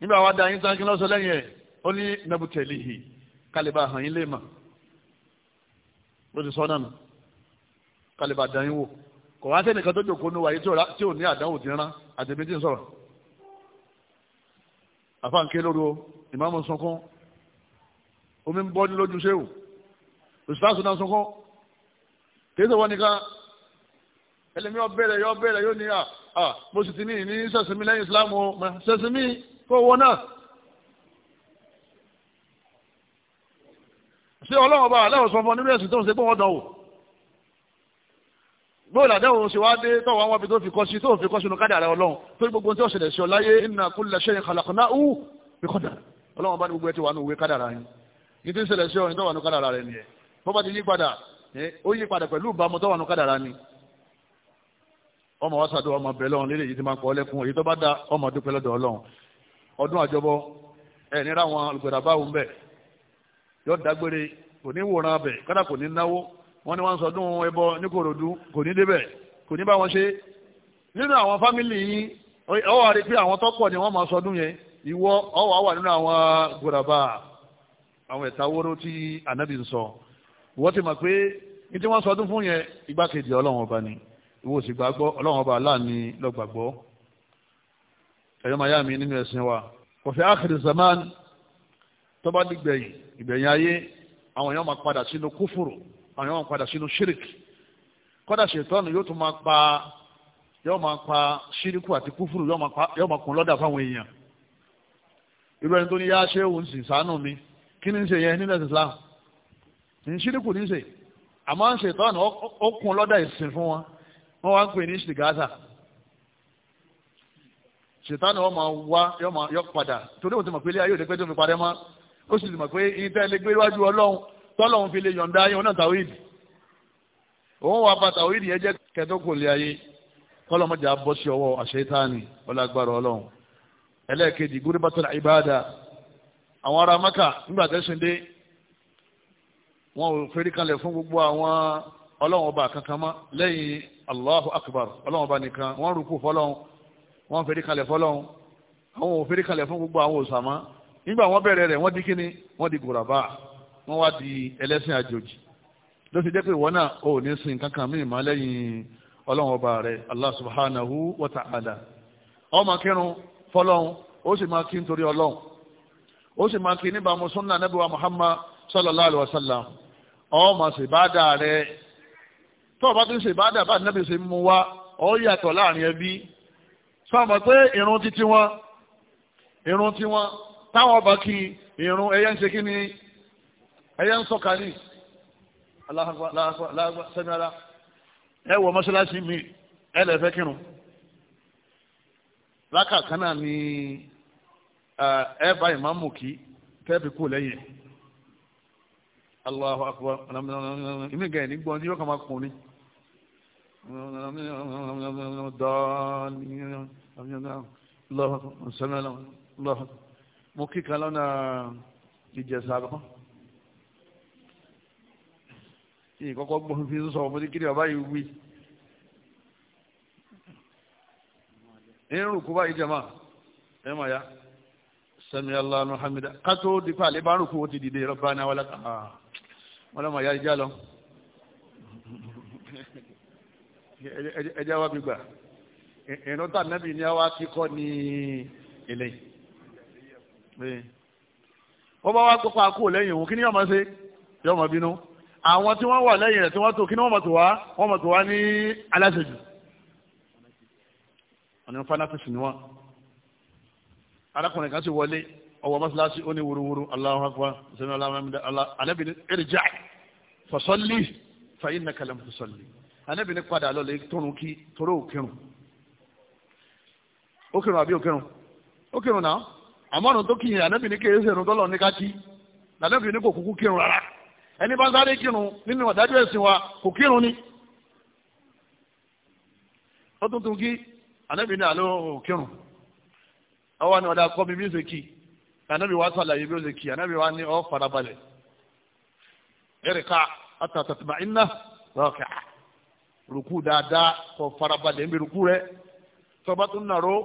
A: nígbà wá dá yín sáńkì lọ́sọ lẹ́yìn ẹ̀ ó ní nabtalihi kálíbà hàn yín lè mà ló ti sọ náà kálíbà dá yín wò kò wá sẹ́nìkan tó jòkó nu wàyí tí ò ní àdánwò ti rán àtẹ̀mí tí ń sọ̀rọ̀ lóru ìmáàmù sunkún omi ń bọ́ ní lójú ṣéwù òṣìṣẹ́ náà sunkún kì í sọ wọn nìkan ẹlẹ́mi ọbẹ̀rẹ̀ yọ ọbẹ̀rẹ̀ yóò ní à mo sì ti ní ìní sẹ̀sìmí lẹ́yìn ìsìlámù sẹ̀sìmí kó wọn náà. ṣé ọlọ́run ọba aláwọ̀ sọ fún ọ nínú ẹ̀sìn tó ń ṣe pé wọ́n dánwò bóyá làdáwò ṣe wá dé tọ́wọ́ àwọn ibi tó fi kọ́ sí tó fi kọ́ sínú kádàrá ọlọ́run tó gbogbo tí ó ṣẹlẹ̀ sí ọ láyé inna kulla shay'in khalaqnahu bi qadar ọlọ́run ọba ní gbogbo ẹ ti wà ní òwe kádàrá yín yìí tí ń ṣẹlẹ̀ sí ọ̀rìn tó wà ní kádàrà rẹ̀ ni bó bá ti yí padà ó yí padà pẹ̀lú ìbámu tó wà ní kádàrà ni ọmọ wa sàdó ọmọ bẹ̀rẹ̀ lọ́run lélẹ̀ yìí ti máa ń kọ́ lẹ́kùn èyí tó bá da ọmọ dúpẹ́ lọ́dọ̀ ọlọ́run ọdún àjọbọ ẹ nira wọn alùpùpù àbáwọn bẹ yọ dágbére kò ní wòran abẹ kádà kò ní náwó wọn ni wọn sọdún ẹbọ ní korodu kò ní débẹ̀ kò ní bá wọn ṣe nínú àwọn fámìlì yín ọwọ́ àrí pé àwọn tọ́pọ̀ ni wọ́n máa sọdún yẹn ìwọ ọwọ́ àwà nínú àwọn gbòdàbà àwọn ẹ̀ta wóró tí ànábì ń sọ wọ́n ti mọ̀ pé ní tí wọ́n sọ ọdún fún yẹn igbákejì ọlọ́run ọba ni ìwọ sì gbàgbọ́ ọlọ́run ọba aláàní lọ́gbàgbọ́ ẹ̀yọ́ máa yá mi nínú ẹ̀sìn wa kọfẹ́ ákìrì zaman tó bá dìgbẹ̀yìn ìgbẹ̀yìn ayé àwọn èèyàn máa padà sínú kúfùrù àwọn èèyàn máa padà sínú ṣírìkì kọ́dà ṣètọ́nù yóò tún máa pa yóò máa pa ṣíríkù àti kúfùrù yóò máa kún lọ́dà fáwọn èèyàn irú tó ní yá ṣé òun sì sànù mi Kini ni ń ṣe yẹn nílẹ̀ Islam ní ṣíríkù ní ṣe àmọ́ ṣètọ́nù ó kún lọ́dà ìsìn fún wọn wọ́n wá ń pè ní ṣìgáàsà ṣètọ́nù wọn máa wá yọ máa yọ padà torí òun ti mọ̀ pé ilé ayé òde pé tó fi parẹ́ mọ́ ó sì ti mọ̀ pé ìtẹ́ ilé gbé iwájú ọlọ́run tọ́lọ́run fi lè yọ̀ǹda ayé òun náà tàwíìdì òun wà bá tàwíìdì yẹn jẹ́ kẹtókò lé ayé kọ́lọ́mọjà bọ́ sí ọwọ́ àṣetáni ọlágbára ọlọ́run ẹlẹ́ẹ̀kejì gúrúbátọ́lá ìbáàdà àwọn ará maka nígbà tẹ́sán dé wọn ò fẹ́rí kalẹ̀ fún gbogbo àwọn ọlọ́run ọba kankan mọ́ lẹ́yìn allahu akbar ọlọ́run ọba nìkan wọ́n rúkú fọlọ́run wọ́n fẹ́rí kalẹ̀ fọlọ́run àwọn ò fẹ́rí fún gbogbo àwọn osama nígbà wọ́n bẹ̀rẹ̀ rẹ̀ wọ́n di kíni wọ́n di di ẹlẹ́sìn àjòjì jẹ́ pé náà ò ní kankan ó sì máa kí níbàámu sunna nabi wa muhammad sallallahu alayhi wa sallam ọ ma ṣe ìbádà rẹ tó o bá ti ń ṣe ìbádà bá nabi ṣe mú wa ọ yàtọ̀ láàrin ẹbí sọmọ pé irun títí wọn irun tí wọn táwọn ọba kí irun ẹyẹ ń ṣe kí ni ẹyẹ ń sọkà ní ẹ wọ mọ́ṣáláṣí mi ẹ lè fẹ́ kírun lákàkánná ni. ẹ bá ìmáàmù kí tẹ́ẹ̀bì kú lẹ́yìn Allahu akbar ìmí gẹ̀ẹ́ ní gbọ́n tí yóò kàn máa kùn ní. mo kí kan lọ́nà ìjẹ̀sà àbẹ̀kọ́ yìí kọ́kọ́ gbọ́n fi sọ ọmọ ní kí ni bàbá yìí wí. irun kú báyìí jẹ́ máa ẹ̀ máa ya. sami allah nu hamida kátó dípa àlébárùn kú ó ti dìde rabbana wa laka ah. wọn lọ́mọ ìyá ìjà lọ <laughs> ẹjá wa gbígbà ìrún tà nẹ́bì ní àwa kíkọ́ ní ilé eh. ó bá wá kópa kú lẹ́yìn òun kí ni yóò máa ṣe yóò máa bínú àwọn tí wọ́n wà lẹ́yìn rẹ̀ tí wọ́n tó kí ni wọ́n máa tó wá wọ́n máa tó wá ní aláṣejù ọ̀nà fanafẹ́sì ni wọ́n. arákùnrin kan sì wọlé ọwọ́ mọ́sálásí ó ní wuruwuru Allahu akbar ala alábi ní irja fasalli fa innaka lam tusalli anábi ní padà lọ́lẹ̀ tóun kí toró òkèrùn òkèrùn àbí òkèrùn òkèrùn náà àmọ́ tó kìyìn anábi ní kéèyàn sẹ́nu tọ́lọ̀ ní kájí anábi ní kò kúkú kírun rárá ẹni bá wa kò kírun ni ó tuntun kí ọwọ́ ni ọ̀dà kọ́ mi bí ó ṣe kí ànábì wa sàlàyé bí ó ṣe kí ànábì wa ní ọ farabalẹ̀ ẹ̀ríkà àtàtàtàmà iná rọ̀kà rùkú dáadáa kọ farabalẹ̀ níbi rùkú rẹ tọba tún nàró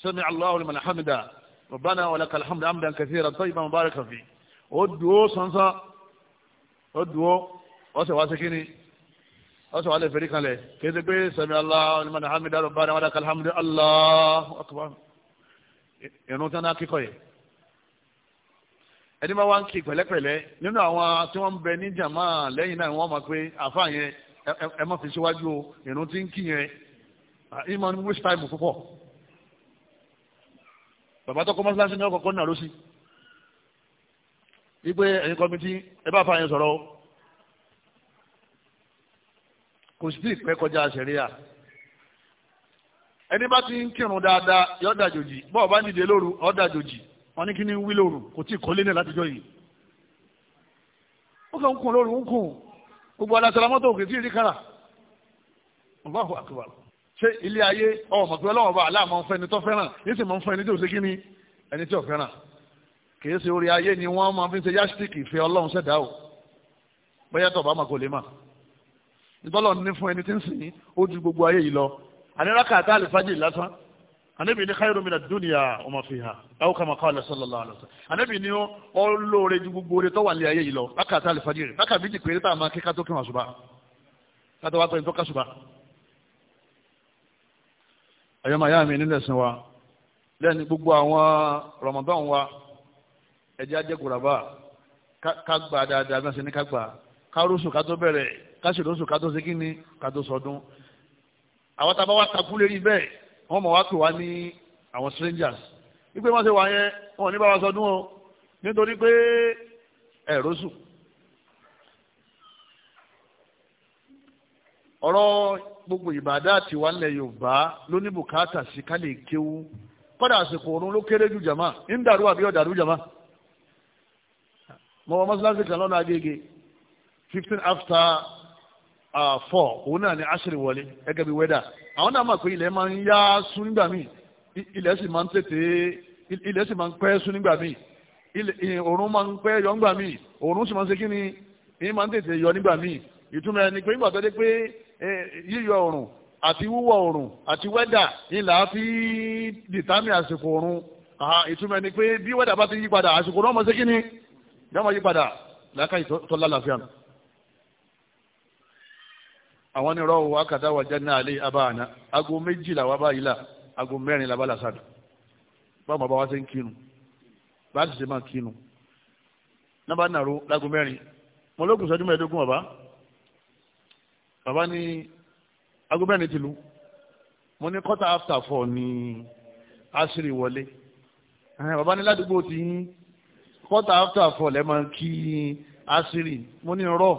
A: sami allahu liman hamida rabbana wa lakal hamdu hamdan kathiran tayyiban mubarakan fi o duo sansan o duo ọsẹ wa ṣe kini ọ̀sọ̀ wà lè fèrí kanlẹ̀ kí ti pé sami Allahu liman hamidah rabbana wa lakal hamdu Allahu akbar ìrún tán náà kíkọ yẹ ẹni máa wá ń kí pẹ̀lẹ́pẹ̀lẹ́ nínú àwọn tí wọ́n ń bẹ ní jàmá lẹ́yìn náà wọ́n máa pé àfáà yẹn ẹ má fi síwájú o ìrún tí ń kí yẹn ìmọ̀ ní waste time púpọ̀ bàbá tó kọ́ mọ́sálásí ní ọkọ̀ kọ́ńtà lọ́sí wípé ẹ̀yin kọ́mítì ẹ bá fa yẹn sọ̀rọ̀ o kò sì tí ì pẹ́ kọjá àṣẹríà ẹni bá ti ń kírun dáadáa yọ dàjòjì bọ́ọ̀ bá nídìí lóru ọ dàjòjì wọn ní kí ni ń wí lóru kò tí ì kọ́lé náà látijọ́ yìí ó kàn ń kùn lóru ń kùn gbogbo alásàrà mọ́tò òkè tí ì rí kára Allahu akbar ṣé ilé ayé ọmọ pé ọlọ́wọ́n bá aláàmọ́ fẹ́ ni tó fẹ́ràn yìí sì mọ́ fẹ́ ni tó ṣe kí ni ẹni tí ò fẹ́ràn kìí ṣe orí ayé ni wọ́n máa fi ń ṣe yásítìkì ìfẹ́ ọlọ́run ṣẹ̀dá o bóyá tó bá máa kò lè máa ìtọ́lọ̀ ní fún ẹni tí ń sìn ó ju gbogbo ayé yìí lọ àníraka àti àlìfájì lásán ànábì ní khairu mina dunya ọmọ fi hà aw kama qala sallallahu alaihi wasallam ànábì ní ó lóore ju gbogbo oore tó wà ní ayé yìí lọ láka àti àlìfájì rẹ̀ láka méjì péré tá a máa kíkà tó kí wọn ṣùgbà kátó wá pé nítorí kásùbà. ẹ̀yọ́ màá yá mi nílẹ̀ sin wa lẹ́ni gbogbo àwọn Ramadan wa ẹ̀jẹ̀ ajẹ́gùràbà ká gbà dáadáa bí wọ́n ka ká tó bẹ̀rẹ̀ káṣìlóṣù ká tó ṣe kí ni ká sọdún àwọn tá a bá wá takú lérí bẹ́ẹ̀ wọ́n mọ̀ wá pè wá ní àwọn strangers wípé wọ́n ṣe wà yẹn ní sọdún o nítorí pé ọ̀rọ̀ gbogbo ìbàdá àti wà Yorùbá ló sí ká lè kéwú kọ́dà àsìkò òrun ló kéré jù jàmá ń dàrú àbí ọ̀dàrú jàmá mọ̀ wọ́n fifteen after uh, four òun náà ni aṣèrè wọlé gẹ́gẹ́ bí wẹ́dà àwọn náà mọ̀ pé ilẹ̀ máa ń yá sún nígbà míì ilẹ̀ sì máa ń tètè ilẹ̀ sì máa ń pẹ́ sún nígbà míì òòrùn máa ń pẹ́ yọ nígbà míì òòrùn sì máa ń ṣe kí ni ní máa ń tètè yọ nígbà míì ìtumọ̀ ẹni pé nígbà tó dé pé yíyọ òòrùn àti wíwọ̀ òòrùn àti wẹ́dà ni là á fi dìtámì àsìkò òòrùn ìtumọ̀ ẹni pé bí wẹ́dà bá ti yí padà àsìkò náà máa ṣe kí ni yọ máa yí padà làákàyè tó lálàáfíà náà àwọn ní rọ́ọ̀ akàtà wà jẹ́ náà lé abáàná aago méjìlá wà báyìí là aago mẹ́rin làbá làṣàdù báwọn bàbá wa ṣe ń kinu bá a sì ṣe máa kinu náà bá nàró láago mẹ́rin mo lókun sọdún mẹ́ẹ̀ẹ́dógún bàbá bàbá ní aago mẹ́rin ti mo ní quarter after four ní àṣírí wọlé bàbá ní ládùúgbò ti yín quarter after four lẹ́ẹ̀ máa kí àṣírí mo ní rọ́ọ̀.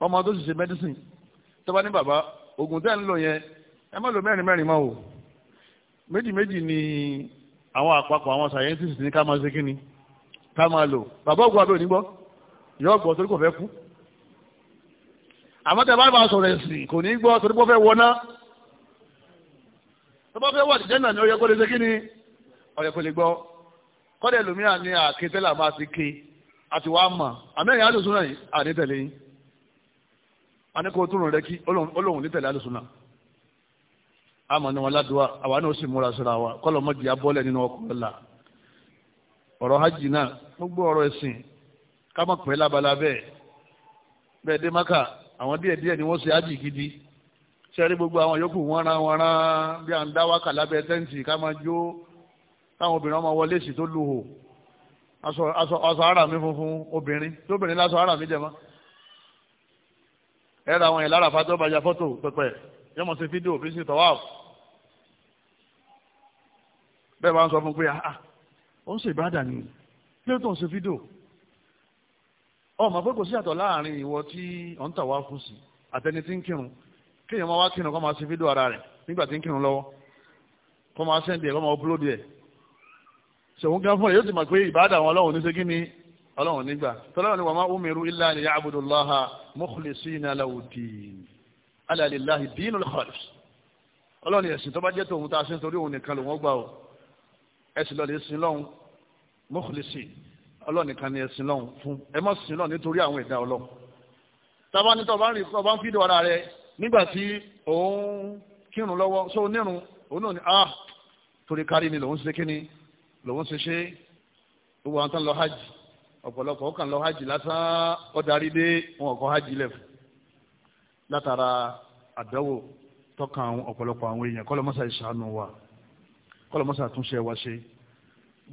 A: ọmọ tó sì ṣe medicine tó bá ní bàbá oògùn tẹ́ ń lò yẹn ẹ má lò mẹ́rin mẹ́rin mọ́ o méjì méjì ni àwọn àpapọ̀ àwọn scientist ní ká máa ṣe kíni ká máa lò bàbá ògùn abẹ́ òní gbọ́ yóò gbọ́ torí kò fẹ́ kú àmọ́ tẹ bá máa sọ̀rọ̀ ẹ̀sìn kò ní gbọ́ torí kò fẹ́ wọná tó bá fẹ́ wà ní jẹ́nà ni ó yẹ kó lè ṣe kíni ó yẹ lè gbọ́ kọ́dẹ̀ lómìnira ni àkétẹ́là máa ti ké àti wàá mọ̀ àmẹ́rin àdùnsúnà yìí àdétẹ̀lẹ́yìn a ní kó túrùn rẹ kí olóhùn ní tẹ̀lé alùsùn náà a mọ̀ ní wọn ládùúwà àwa náà sì múra síra wa kọ́lọ̀ mọ́jì abọ́lẹ̀ nínú ọkọ̀ ọ̀la ọ̀rọ̀ hajj náà gbogbo ọ̀rọ̀ ẹ̀sìn ká mọ̀ pẹ́ lábala bẹ́ẹ̀ bẹ́ẹ̀ àwọn díẹ̀ díẹ̀ ni wọ́n ṣe hajj gidi sẹ́rí gbogbo àwọn yòókù wọ́n ran wọn rán bí à ń dá wákà lábẹ́ tẹ́ǹtì ká máa jó táwọn obìnrin ọmọ wọlé sí tó lù hò aṣọ ara mi funfun obìnrin tóbìnrin lásọ ara mi jẹ mọ́ ẹ̀rọ àwọn ìlara fàtó bàjá fọ́tò pẹ̀pẹ̀ yọmọ sí fídíò fi sí tọ́wá bẹ́ẹ̀ bá ń sọ fún pé ah, ah ó ń ṣe ìbádà ni kí ló tó ń ṣe fídíò ọmọ pé kò sí àtọ̀ láàrin ìwọ tí ọ̀ ń tà wá fún sí àtẹni tí ń kírun kéèyàn máa wá kírun kó máa ṣe fídíò ara rẹ̀ nígbà tí ń kírun lọ́wọ́ kó máa ṣẹ́ndì ẹ̀ kó máa upload ẹ̀ ṣòun gan fún ẹ̀ yóò ti mọ̀ pé ìbádà wọn ọlọ́run ní ṣe kí ọlọ́run nígbà tọ́lọ́run ni wà máa umiru illa liya'budullaha mukhlisina lahu ddin ala lillahi dinul khalis ọlọ́run ẹ̀sìn tó bá jẹ́ tòun tá a ṣe ń torí òun nìkan lòun gbà ó ẹ̀sìn lọ́ọ̀lì ẹ̀sìn lọ́hùn mukhlisin ọlọ́run nìkan ni ẹ̀sìn lọ́hùn fún ẹ mọ̀ sìn lọ́ọ̀ nítorí àwọn ẹ̀dá ọlọ́run tábà ní tọ́ba a ah, torí kárí ni ọ̀pọ̀lọpọ̀ kàn lọ hajj lásán ó darí dé wọn kọ́ hajj lẹ̀ fún látara àdánwò tọ́kàn ọ̀pọ̀lọpọ̀ àwọn èèyàn kọ́lọ́mọ́sà ìṣàánú wa kọ́lọ́mọ́sà àtúnṣe wa ṣe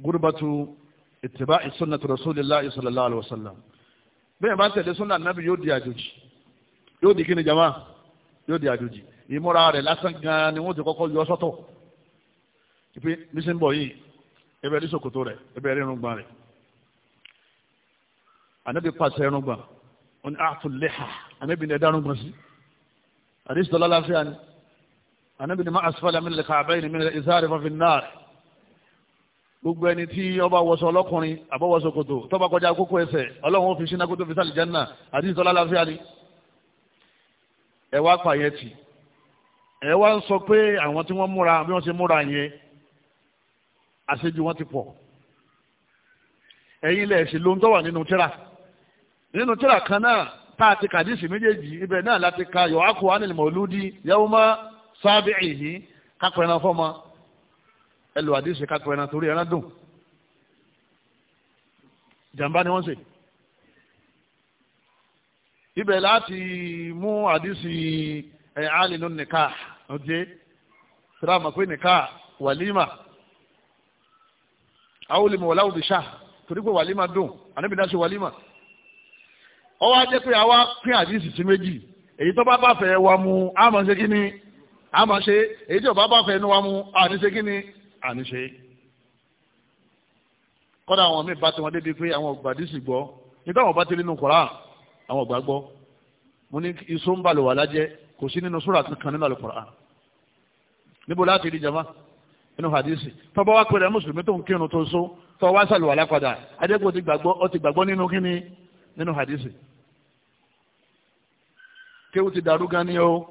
A: gúrúbàtú ìtìbá ìsúnà tó Rasulullahi sallallahu alaihi wasallam bẹ́ẹ̀ bá tẹ̀lé súnà nábì yóò di àjòjì yóò di kíni jama yóò di àjòjì ìmúra rẹ̀ lásán gan ni wọ́n ti kọ́kọ́ yọ sọ́tọ̀ ìpín mísìnbọ̀ yìí ẹbẹ̀ rí ànábì pàṣẹ ẹrùngbà wọn ni àtúnlẹ́hà ànábì ní ẹ̀dárùngbà sí àdìsí tọ́lá láfíà ni ànábì ní má asfalẹ̀ mílẹ̀ kàbẹ́yìn mílẹ̀ ìsáàrẹ̀ fàfin náà gbogbo ẹni tí ọba wọṣọ ọlọ́kùnrin àbọ̀wọṣọ kòtò tọ́ba kọjá kókó ẹsẹ̀ ọlọ́run ó fi ṣínà kótó fi sálì jẹ́nà àdìsí tọ́lá láfíà ni ẹ wá pààyẹ tì ẹ wá ń sọ pé àwọn tí wọ́n múra bí wọ́n ṣe múra yẹn àṣejù wọn ti pọ̀ ẹ̀yin lẹ̀ ṣe lóhun tó wà nínú tíra nínú tíra kan náà tá a ti kàdísì méjèèjì ibẹ̀ náà láti ka yọ̀ ákò ánìlì mọ̀lúdí yawma sabi'ihi kápẹ́ran fọ́mọ ẹlò àdísì kápẹ́ran torí ẹran dùn jàǹbá ni wọ́n ṣe ibẹ̀ láti mú àdísì ẹ̀ alìnú nìka ọ̀jẹ́ tíra mọ̀ pé nìka wàlímà àwọn olùmọ̀wọ̀láwò bìṣà torí pé wàlímà dùn àníbìdá ṣe wàlímà ọwọ́ ajẹ́ pé àwa pín àdìsí sí méjì èyí tó bá bá fẹ́ wa mu a máa ṣe kíni a máa ṣe èyí tó bá bá fẹ́ wa mu a ní ṣe kíni a ní ṣe. kọ́dà àwọn míì bá ti wọn débi pé àwọn ọgbà àdìsí gbọ́ nígbà wọn bá ti rí inú Kùránì àwọn ọgbà gbọ́ mo ní iṣó ń balùwà lájẹ́ kò sí nínú súrà kankan nínú al níbo láti rí jama inú hadisi tọ́bọ́ wá pẹ̀lẹ́ mùsùlùmí tó ń kírun tó ń só tọ́ wá sàlùwà lápadà adégbò kéwù ti dàrú gan ni o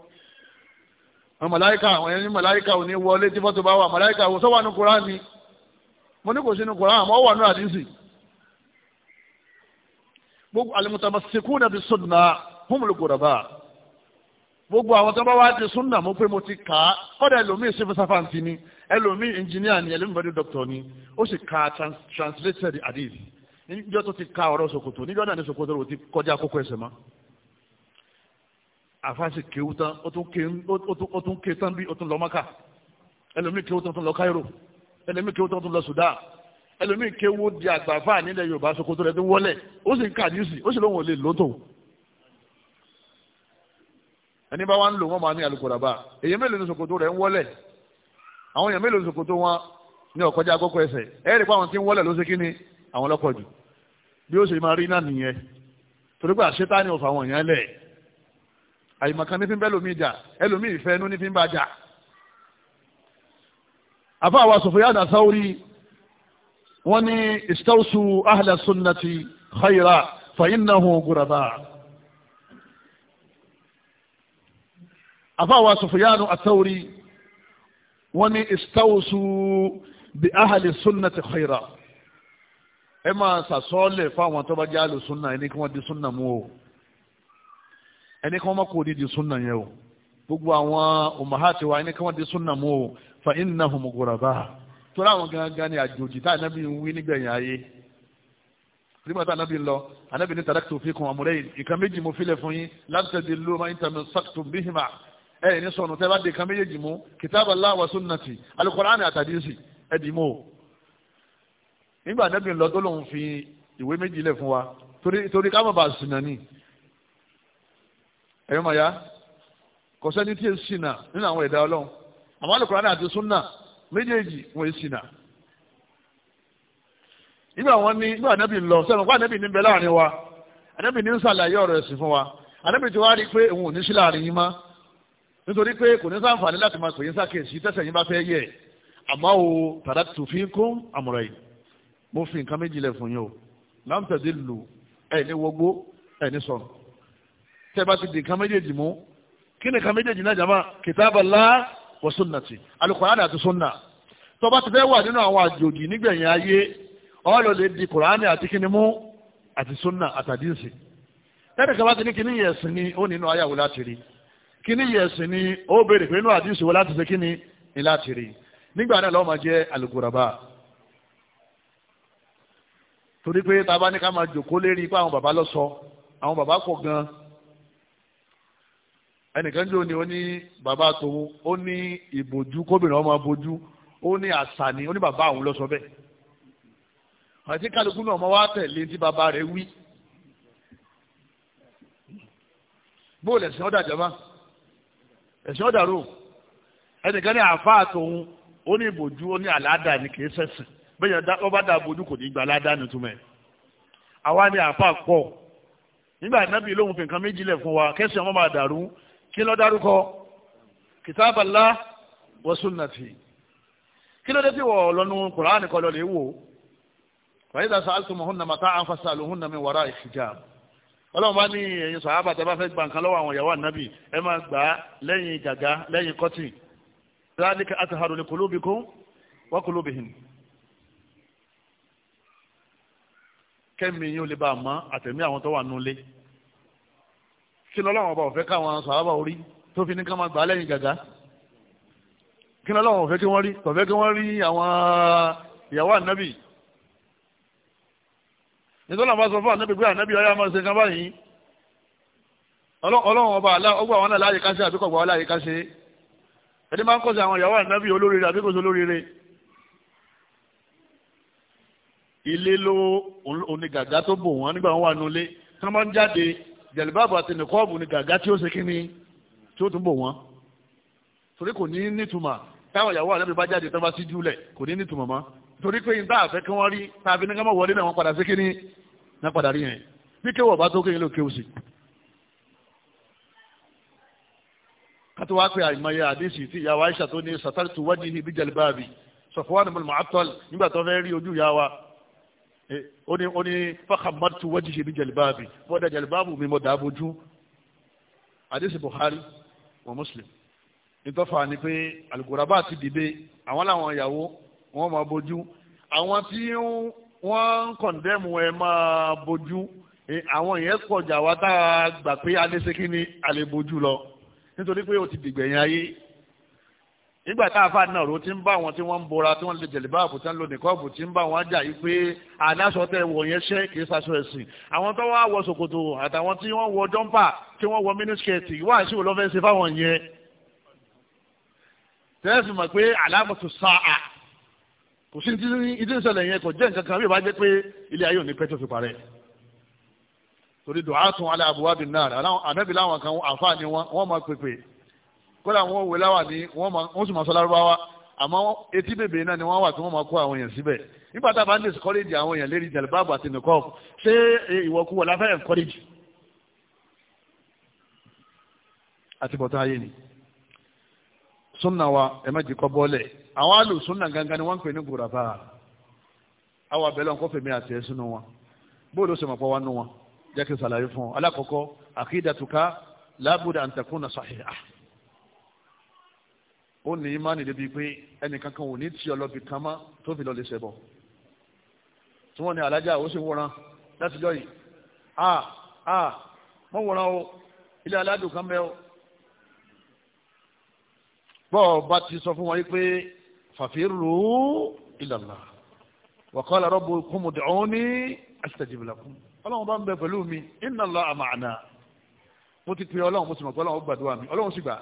A: àwọn màláìka àwọn ẹni màláìka ò ní wọlé tí fọ́tò bá wà màláìka ò sọ́wọ́ àánú koran ni mo ní kò sínú koran àmọ́ ó wà ní àdínsì gbogbo al-mutamassikuna bis-sunnah humul ghuraba gbogbo àwọn tó bá wá di súnà mú pé mo ti kà á kọ́dà ẹlòmíì civil servant ni ẹlòmíì engineer ni ẹlòmíì bẹ́ẹ̀ doctor ni ó sì ka translated hadith níjọ́ tó ti ka ọ̀rọ̀ ṣòkòtò níjọ́ náà ní ṣòkòtò rò ti kọjá kókó ẹsẹ̀ mọ́ àfáàsì kéwú tán ó tún ké tán bí ó tún lọ maka ẹlòmíì kéwú tán tún lọ Cairo ẹlòmíì kéwú tán tún lọ Sudan ẹlòmíì kéwú di àgbàfà nílẹ̀ Yorùbá Sokoto rẹ̀ tó ń wọlé ó sì ń kà níìsì ó sì lóun ò lè lótò ẹni bá wa ń lò wọn máa ní alukoraba èyí mélòó ní Sokoto rẹ̀ ń wọlé àwọn èèyàn mélòó ní Sokoto wọn ní ọ̀kọ́jà àkókò ẹsẹ̀ ẹ̀ẹ́dì pa àwọn tí ń wọlé ló ṣe kí ni àwọn lọ́kọ̀ jù bí ó ṣe máa rí náà nìyẹn torí pé àṣetá ni ò fà wọ̀nyẹn lẹ̀ àyìmọ̀kan ní fi ń bẹ́ lómi jà ẹlòmíì ìfẹ́ inú ní fi ń bá jà afa àwa Sufyan ath-Thawri wọ́n ní istawsu ahla sunnati khayra fa innahu ghuraba afa àwa Sufyan ath-Thawri wọ́n ní istawsu bi ahli sunnati khayra ẹ máa sàsọ́ọ́lẹ̀ fáwọn tó bá jẹ́ àlùsùnà ẹni kí wọ́n di súnà o ẹni kan mọ́ kò ní di súnà yẹn o gbogbo àwọn umahati wa ẹni kan wọ́n di súnà mú o fa innahum ghuraba tó láwọn gangan ni àjòjì tá ànábì ń wí nígbẹ̀yìn ayé nígbà tá ànábì ń lọ ànábì ní taraktu fikum amrayn ìkan méjì mo filẹ̀ fún yín lan tadillu ma in tamassaktum bihima ẹ̀ ní sọ̀nù tẹ́ bá di ìkan méjèèjì mú kitaballahi wa sunnati al-Qur'ani àti hadisi ẹ̀ dì mú o nígbà ànábì ń lọ tó lóun fi ìwé méjì lẹ̀ fún wa torí ká má bàa sùn náà ni ẹ̀yọ́ màá yá kò sẹ́ni tí èsì nà nínú àwọn ẹ̀dá ọlọ́run àmọ́ Al-Kùránì àti súnà méjèèjì wọn èsì nà nígbà wọn ní nígbà anábì ń lọ sẹ́nu kó anábì ní bẹ láàrin wa anábì ní ń sàlàyé ọ̀rọ̀ ẹ̀sìn fún wa anábì ti wá rí i pé òun ò ní sí láàrin yín mọ́ nítorí pé kò ní sáǹfààní láti máa pè yín sákèsí tẹ̀sẹ̀ yín bá fẹ́ yẹ àmọ́ o tàdá tó fi ń kún àmọ̀ràn yìí mo fi nǹkan méjì lẹ̀ fún yín o láǹtẹ̀dé lù ẹ̀ ní wọgbó ẹ̀ ní sọ̀rọ̀ tẹ́ bá ti di nǹkan méjèèjì mú kí ni nǹkan méjèèjì náà jàmá kitaballah wa sunnati alukurani àti sunna tó bá ti fẹ́ wà nínú àwọn àjòjì nígbẹ̀yìn ayé ọ̀ọ́lọ́ lè di kurani àti kíni mú àti sunna àtàdínsì tẹ́lẹ̀ kan bá ti ní kíní yẹ̀ sí ni ó nínú ayáwó láti rí kíní yẹ̀ sí ni ó béèrè pé inú àdínsì wo láti ṣe kíni ni láti rí nígbà náà lọ́ọ́ máa jẹ́ alukuraba torí pé tá ní ká máa jòkó lérí pé àwọn bàbá lọ àwọn bàbá pọ̀ gan-an ẹnìkan jẹ́ òní oní bàbá tòun ó ní ìbòjú kóbìnrin ọmọ abojú ó ní àṣàní ó ní bàbá àwọn lọ sọ bẹ́ẹ̀ àti kálukú náà ọmọ wa tẹ̀lé tí bàbá rẹ̀ wí bóòlù ẹ̀sìn ọ̀dà jama ẹ̀sìn ọ̀dà rò ẹnìkan ní àáfàá tòun ó ní ìbòjú ó ní àládà ní kì í sẹ̀sìn bẹ́ẹ̀ yẹn ọba dà bojú kò ní gba aládà nìtumẹ̀ àwa ní àáfàá pọ̀ nígbà nábì lóhun fi nǹkan méjì lẹ̀ fún wa kẹ́sì ọmọ máa dàrú kí ló dárúkọ kìtàbàlá wa sunnati kí ló dé tí wọ́n lọ́nu kùránì kọ́ lọ́lẹ̀ wò wa idha sa'altumuhunna mata'an fas'aluhunna min wara'i hijab ọlọ́run bá ní ẹ̀yin sàhábà tẹ́ bá fẹ́ gba nǹkan lọ́wọ́ àwọn ìyàwó ànábì ẹ máa gbà á lẹ́yìn gàgá lẹ́yìn kọ́tì dhalika atharu li qulubikum wa qulubihim kẹ́mi yóò lè bá a mọ́ àtẹ̀mí àwọn tó wà nulẹ̀ kí lọ́lọ́wọ́n ọba ọ̀fẹ́ káwọn sàábà orí tó fi ní ká máa gbà lẹ́yìn gàgá kí lọ́lọ́wọ́n ọ̀fẹ́ kí wọ́n rí kọ̀fẹ́ kí wọ́n rí àwọn ìyàwó ànábì nítorí àwọn sọ fún ànábì pé ànábì ọyá máa ṣe kan báyìí ọlọ́wọ́n ọba àlá ọgbà àwọn aláàyè ká ṣe àbíkọ̀gbà aláàyè ká ṣe ẹni máa ń kọ́sẹ̀ àwọn ìyàwó ànábì olóríire àbíkọ̀ṣe olóríire ilé ló onígàgá tó bò wọ́n nígbà wọn wà nulẹ̀ tí wọ́n bá ń jáde jẹ̀lúbáàbù àti nìkọ́ọ̀bù ni gàgá tí ó ṣe kí ni tí ó tún bò wọ́n torí kò ní nítumọ̀ táwọn ìyàwó àlẹ́bí bá jáde tán bá sí júlẹ̀ kò ní nítumọ̀ mọ́ torí pé n táà fẹ́ kí wọ́n rí táà ní ká wọlé náà wọ́n padà sí kí ni náà padà rí yẹn bí kéwọ̀ bá tó kéyìn ló kéwù sí. kátó wá pé àìmọye àdéhìsì tí ìyàwó Aisha tó ní sàtàlítù wájú ní ibi jẹ̀lúbáàbì Safwan Eh, ó ní ó ní fàkàmàtú wájú ṣe ní jẹlibáàbì bọ́dà jẹlibáàbù mi mọ̀ dàbójú àdéṣe Buhari wa Muslim nítọ́fà ni pé alugoraba ti dìde àwọn làwọn ìyàwó wọn máa bójú àwọn tí wọ́n ń kọ̀ndẹ́mù ẹ̀ máa bójú eh, àwọn yẹn pọ̀jà wa tá a gbà pé alẹ́ ṣe kí alẹ́ bójú lọ nítorí pé o ti dìgbẹ̀yìn ayé nígbà tá a fa náà ro ti ń bá wọn tí wọ́n ń bora tí wọ́n lè jẹ̀lẹ̀ báàbù tí wọ́n lò nìkọ́ọ̀bù tí ń bá wọn jà yìí pé aláṣọ tẹ wọ̀ yẹn ṣẹ́ kì í ṣaṣọ ẹ̀sìn àwọn tó wá wọ ṣòkòtò àtàwọn tí wọ́n wọ jọ́ńpà tí wọ́n wọ mínísíkẹ̀tì wá àṣìwò lọ́fẹ́ ṣe fáwọn yẹn. tẹ́sí mọ̀ pé alámọ̀tò sáà kò sí ìdí ìṣẹ̀lẹ̀ yẹn kò jẹ́ nǹkan kan bí ìbájẹ́ pé kódà wọn wò láwà ní wọn sì máa sọ lárúbáwá àmọ́ etí bèbè náà ni wọ́n wà tí wọ́n máa kó àwọn èèyàn síbẹ̀ nígbà tá a bá ń discourage àwọn èèyàn lérí jàlibáàbù àti nìkọ́ọ̀fù ṣé ìwọ̀kuwọ̀ la fẹ́ encourage àti bọ̀tán ayé ni sunna wa ẹ má jìkọ́ bọ́ọ̀lẹ̀ àwọn àlù sunna gangan ni wọ́n ń pè ní gùràfà àwọn abẹ́lẹ́ ọkọ̀ fèmí àti ẹ̀sùn nu wọn bóòlù sọ̀mọ̀ pọ̀ wá nu wọn jẹ́ kí n ṣàlàyé fún ọ alákọ̀ọ́kọ́ àkídàtúkà lábùdà àǹtàkùnà sàhíhà ó ní ìmánì débi pé ẹnìkan kan ò ní tí ọlọ́bì kan mọ́ tó fi lọ lè ṣẹbọ tí wọ́n ní alájà ó sì wọ́ran láti jọ yìí a a mọ́ wọ́ran o ilé aládùn kan bẹ́ o bọ́ọ̀ bá ti sọ fún wọn yìí pé fàfírù ìlànà wàkọ́lá rọ́bù kúmùdùn ní astajib lakum ọlọ́run bá ń bẹ pẹ̀lú mi inna Allah mo ti pe ọlọ́run mo sì mọ̀ pé ọlọ́run ó gbàdúrà mi ọlọ́run sì gbà á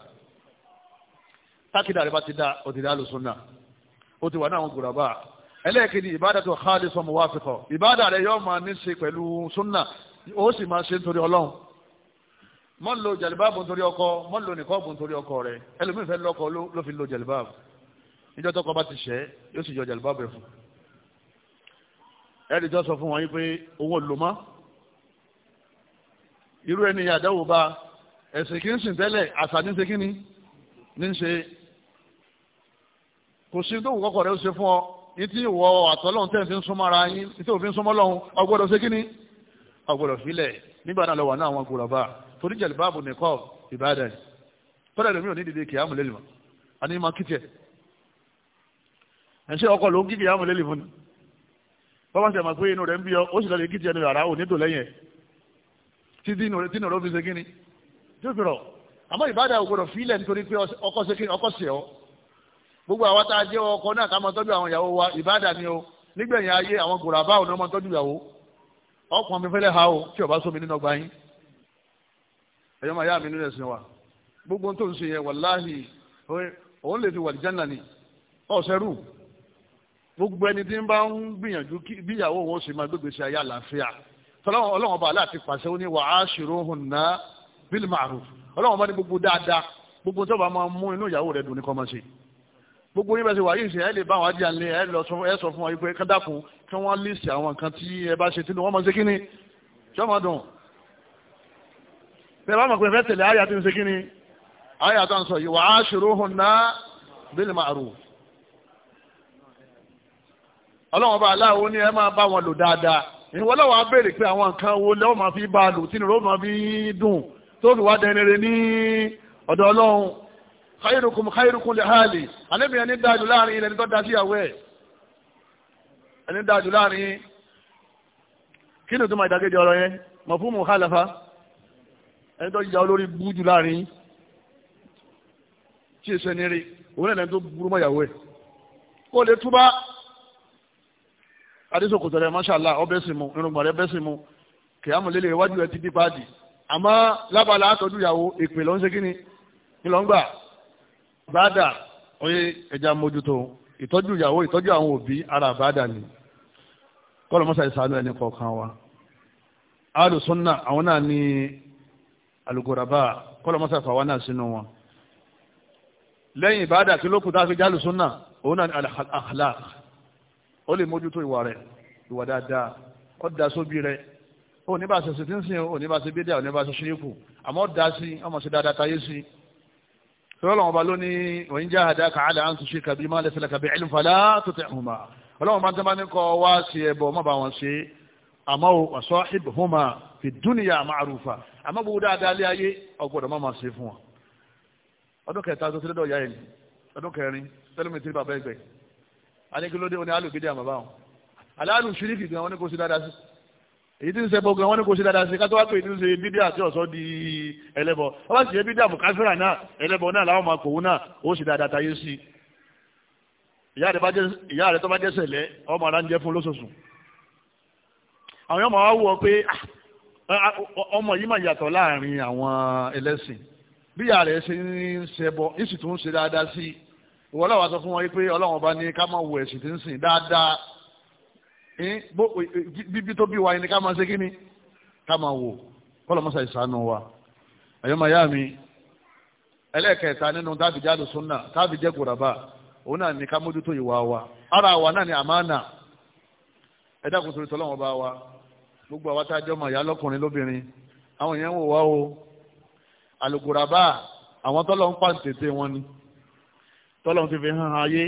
A: tákìdá rẹ̀ bá ti dá ó ti dá lùsùnà ó ti wà ní àwọn gùràbà ẹlẹ́ẹ̀kejì ìbádà tó xaalí sọmọ wá fi kọ ìbádà rẹ̀ yóò máa ní ṣe pẹ̀lú súnà ó sì máa ṣe nítorí ọlọ́run mọ́ ń lo jàlibáàbù nítorí ọkọ mọ́ ń lo nìkọ́ọ̀bù nítorí ọkọ rẹ̀ ẹlòmíì fẹ́ lọ́kọ ló fi lo jàlibáàbù níjọ́ tọkọ bá ti ṣẹ́ yóò sì yọ jàlibáàbù ẹ̀ fún ẹ̀rì jọ sọ fún wọn yìí pé owó lò mọ́ irú ẹni àdáwò bá ẹ̀sìn kí ń sìn tẹ́lẹ̀ àṣà ní ṣe kí ni ní ṣe kò sí tó wù kọ́kọ́ rẹ̀ ó ṣe fún ọ ní tí ìwọ àtọ́lọ́hún tẹ̀ ń súnmọ́ ara yín ní tí òfin súnmọ́ lọ́hún ọgbọ́dọ̀ ṣe kíní ọgbọ́dọ̀ filẹ̀ nígbà náà lọ wà náà àwọn gùrọ̀bà torí jẹ̀lì báàbù nìkọ́ ìbàdàn kọ́dà lómi ò ní dìde lélì mọ́ àní máa kí tiẹ̀ ẹ̀ṣẹ́ ọkọ̀ ló ń ni ṣe ọ ó sì lọ gbogbo àwọn tá a jẹ́ ọkọ náà ká máa tọ́jú àwọn ìyàwó wa ìbáàdà ni o nígbẹ̀yìn ayé àwọn gòràbá ò ní máa tọ́jú ìyàwó ọkùnrin mi fẹ́lẹ́ ha o tí ó bá sómi nínú ọgbà yín ẹ̀yọ́ máa yá mi nínú ẹ̀sìn wa gbogbo tó ń ṣe yẹn wàláhì òun lè fi wà lìjánà ni ọ̀sẹ̀rù gbogbo ẹni tí ń bá ń gbìyànjú bí ìyàwó wọn sì máa gbégbé sí ayé àlàáfíà tọ́lọ́wọ́n ọlọ́wọ́n bá gbogbo tó bá máa mú inú ìyàwó rẹ̀ dùn ní kọ́ gbogbo yín bá ṣe wà yìí ṣe ẹ lè bá àwọn ajá ńlẹ ẹ lọ ẹ sọ fún wa pé ká dákun kí wọ́n list àwọn nǹkan tí ẹ bá ṣe tínú wọ́n máa ṣe kíni ṣé wọ́n dùn bẹ́ẹ̀ bá mọ̀ pé fẹ́ tẹ̀lé àyà tó ń ṣe kíni àyà tó ń sọ yìí wà á ṣòro hùn náà bil ma'ruf ọlọ́wọ́n bá aláwo ni ẹ máa bá wọn lò dáadáa ìwọ lọ́wọ́ á béèrè pé àwọn nǹkan wo lẹ́wọ́n máa fi bá a lò tí nìró máa khairukum khairukum li hali anabi ẹni dájú láàrin ilẹ̀ nítorí dájú ìyàwó ẹ̀ ẹni dájú láàrin kí ni tó máa ìdákejì ọ̀rọ̀ yẹn mọ̀ fún mu hálàfà ẹni tó jíjà olórí bújú láàrin tí èso ẹni rí òun ẹ̀lẹ́ni tó burú mọ́ ìyàwó ẹ̀ kó lè túbá adésòkòtò rẹ̀ mashallah ọbẹ̀ mu irun gbọ̀rẹ̀ mu kìámù lélẹ̀ iwájú ẹ̀ ti dí páàdì àmọ́ lábàlá àtọ́jú ìyàwó ìpè lọ́n ṣe kí ni ìlọ́ngbà bàdà oyè ẹja mójútó ìtọ́jú ìyàwó ìtọ́jú àwọn òbí ara bàdà ni kọ́lọ̀ mọ́sá ìsàánú ẹni kọ̀ọ̀kan wa alùsùnà àwọn náà ní alùgòràbà kọ́lọ̀ mọ́sá ìfàwọ́ náà sínú wọn lẹ́yìn ìbádà tí lókùn tá a fi jálù súnà òun náà ni al-akhlaq ó lè mójútó ìwà rẹ̀ ìwà dáadáa ó da sóbi rẹ̀ ó ní bá a ṣe ṣe tí ń sìn ó ní bá a ṣe é kù àmọ́ da sí ọmọ sí dáadáa táyé sí i sọ́lọ́wọ́n bá lónìí wọ́n jẹ́ àdáka àdá ń ṣe kàbí máa lẹ́sẹ̀ lẹ́kàbí ilm fala tuti'huma ọlọ́wọ́n bá ń tẹ́bá ní kọ́ wá sí ẹbọ má bá wọn ṣe àmọ́ wa sahibhuma fi dunya ma'rufa àmọ́ gbogbo dáadáa lé ayé ọgbọ́dọ̀ má máa ṣe fún wọn. ọdún kẹta tó ti lọ́dọ̀ ya ọdún kẹrin tẹ́lẹ̀mí bàbá ẹgbẹ́ èyí tí ń ṣẹbọ gan wọn ní kò ṣe dáadáa sí ká tó wá pé èyí tí ń ṣe bídíà àti ọ̀sọ́ di ẹlẹ́bọ wọn bá sì ṣe bídíà àbùkáfíra náà ẹlẹ́bọ náà làwọn máa kòwó náà ó sì dáadáa tayé sí i ìyá rẹ tó bá jẹ́ sẹ̀lẹ̀ ọmọ ara ń jẹ́ fún lóṣooṣù àwọn ọmọ wa wù ọ pé ah, ah, ah, ọmọ yìí máa yàtọ̀ láàrin àwọn ẹlẹ́sìn bí ìyá rẹ ṣe ń ṣẹbọ yìí sì tún ṣe dáadáa sí i ìwọ Eh, bíbí eh, eh, tó bí wa ni ká máa ṣe kíni ká máa wò kọ́lọ̀ mọ́sá ìsànú wa àyọ́mọ̀yá mi ẹlẹ́ẹ̀kẹta nínú tábì jáde súnà tábì jẹ́ kùràbà òun náà ní ká mójútó ìwà wa ara wa náà ni àmánà ẹ̀dá kò sórí tọ́lọ́wọ́n bá wa gbogbo àwa tá a jọ mọ̀ ìyá lọ́kùnrin lóbìnrin àwọn èèyàn wò wá o àlùkùràbà àwọn tọ́lọ́ ń pàǹtẹ̀tẹ̀ wọn ni tọ́lọ́ ti fi hàn ayé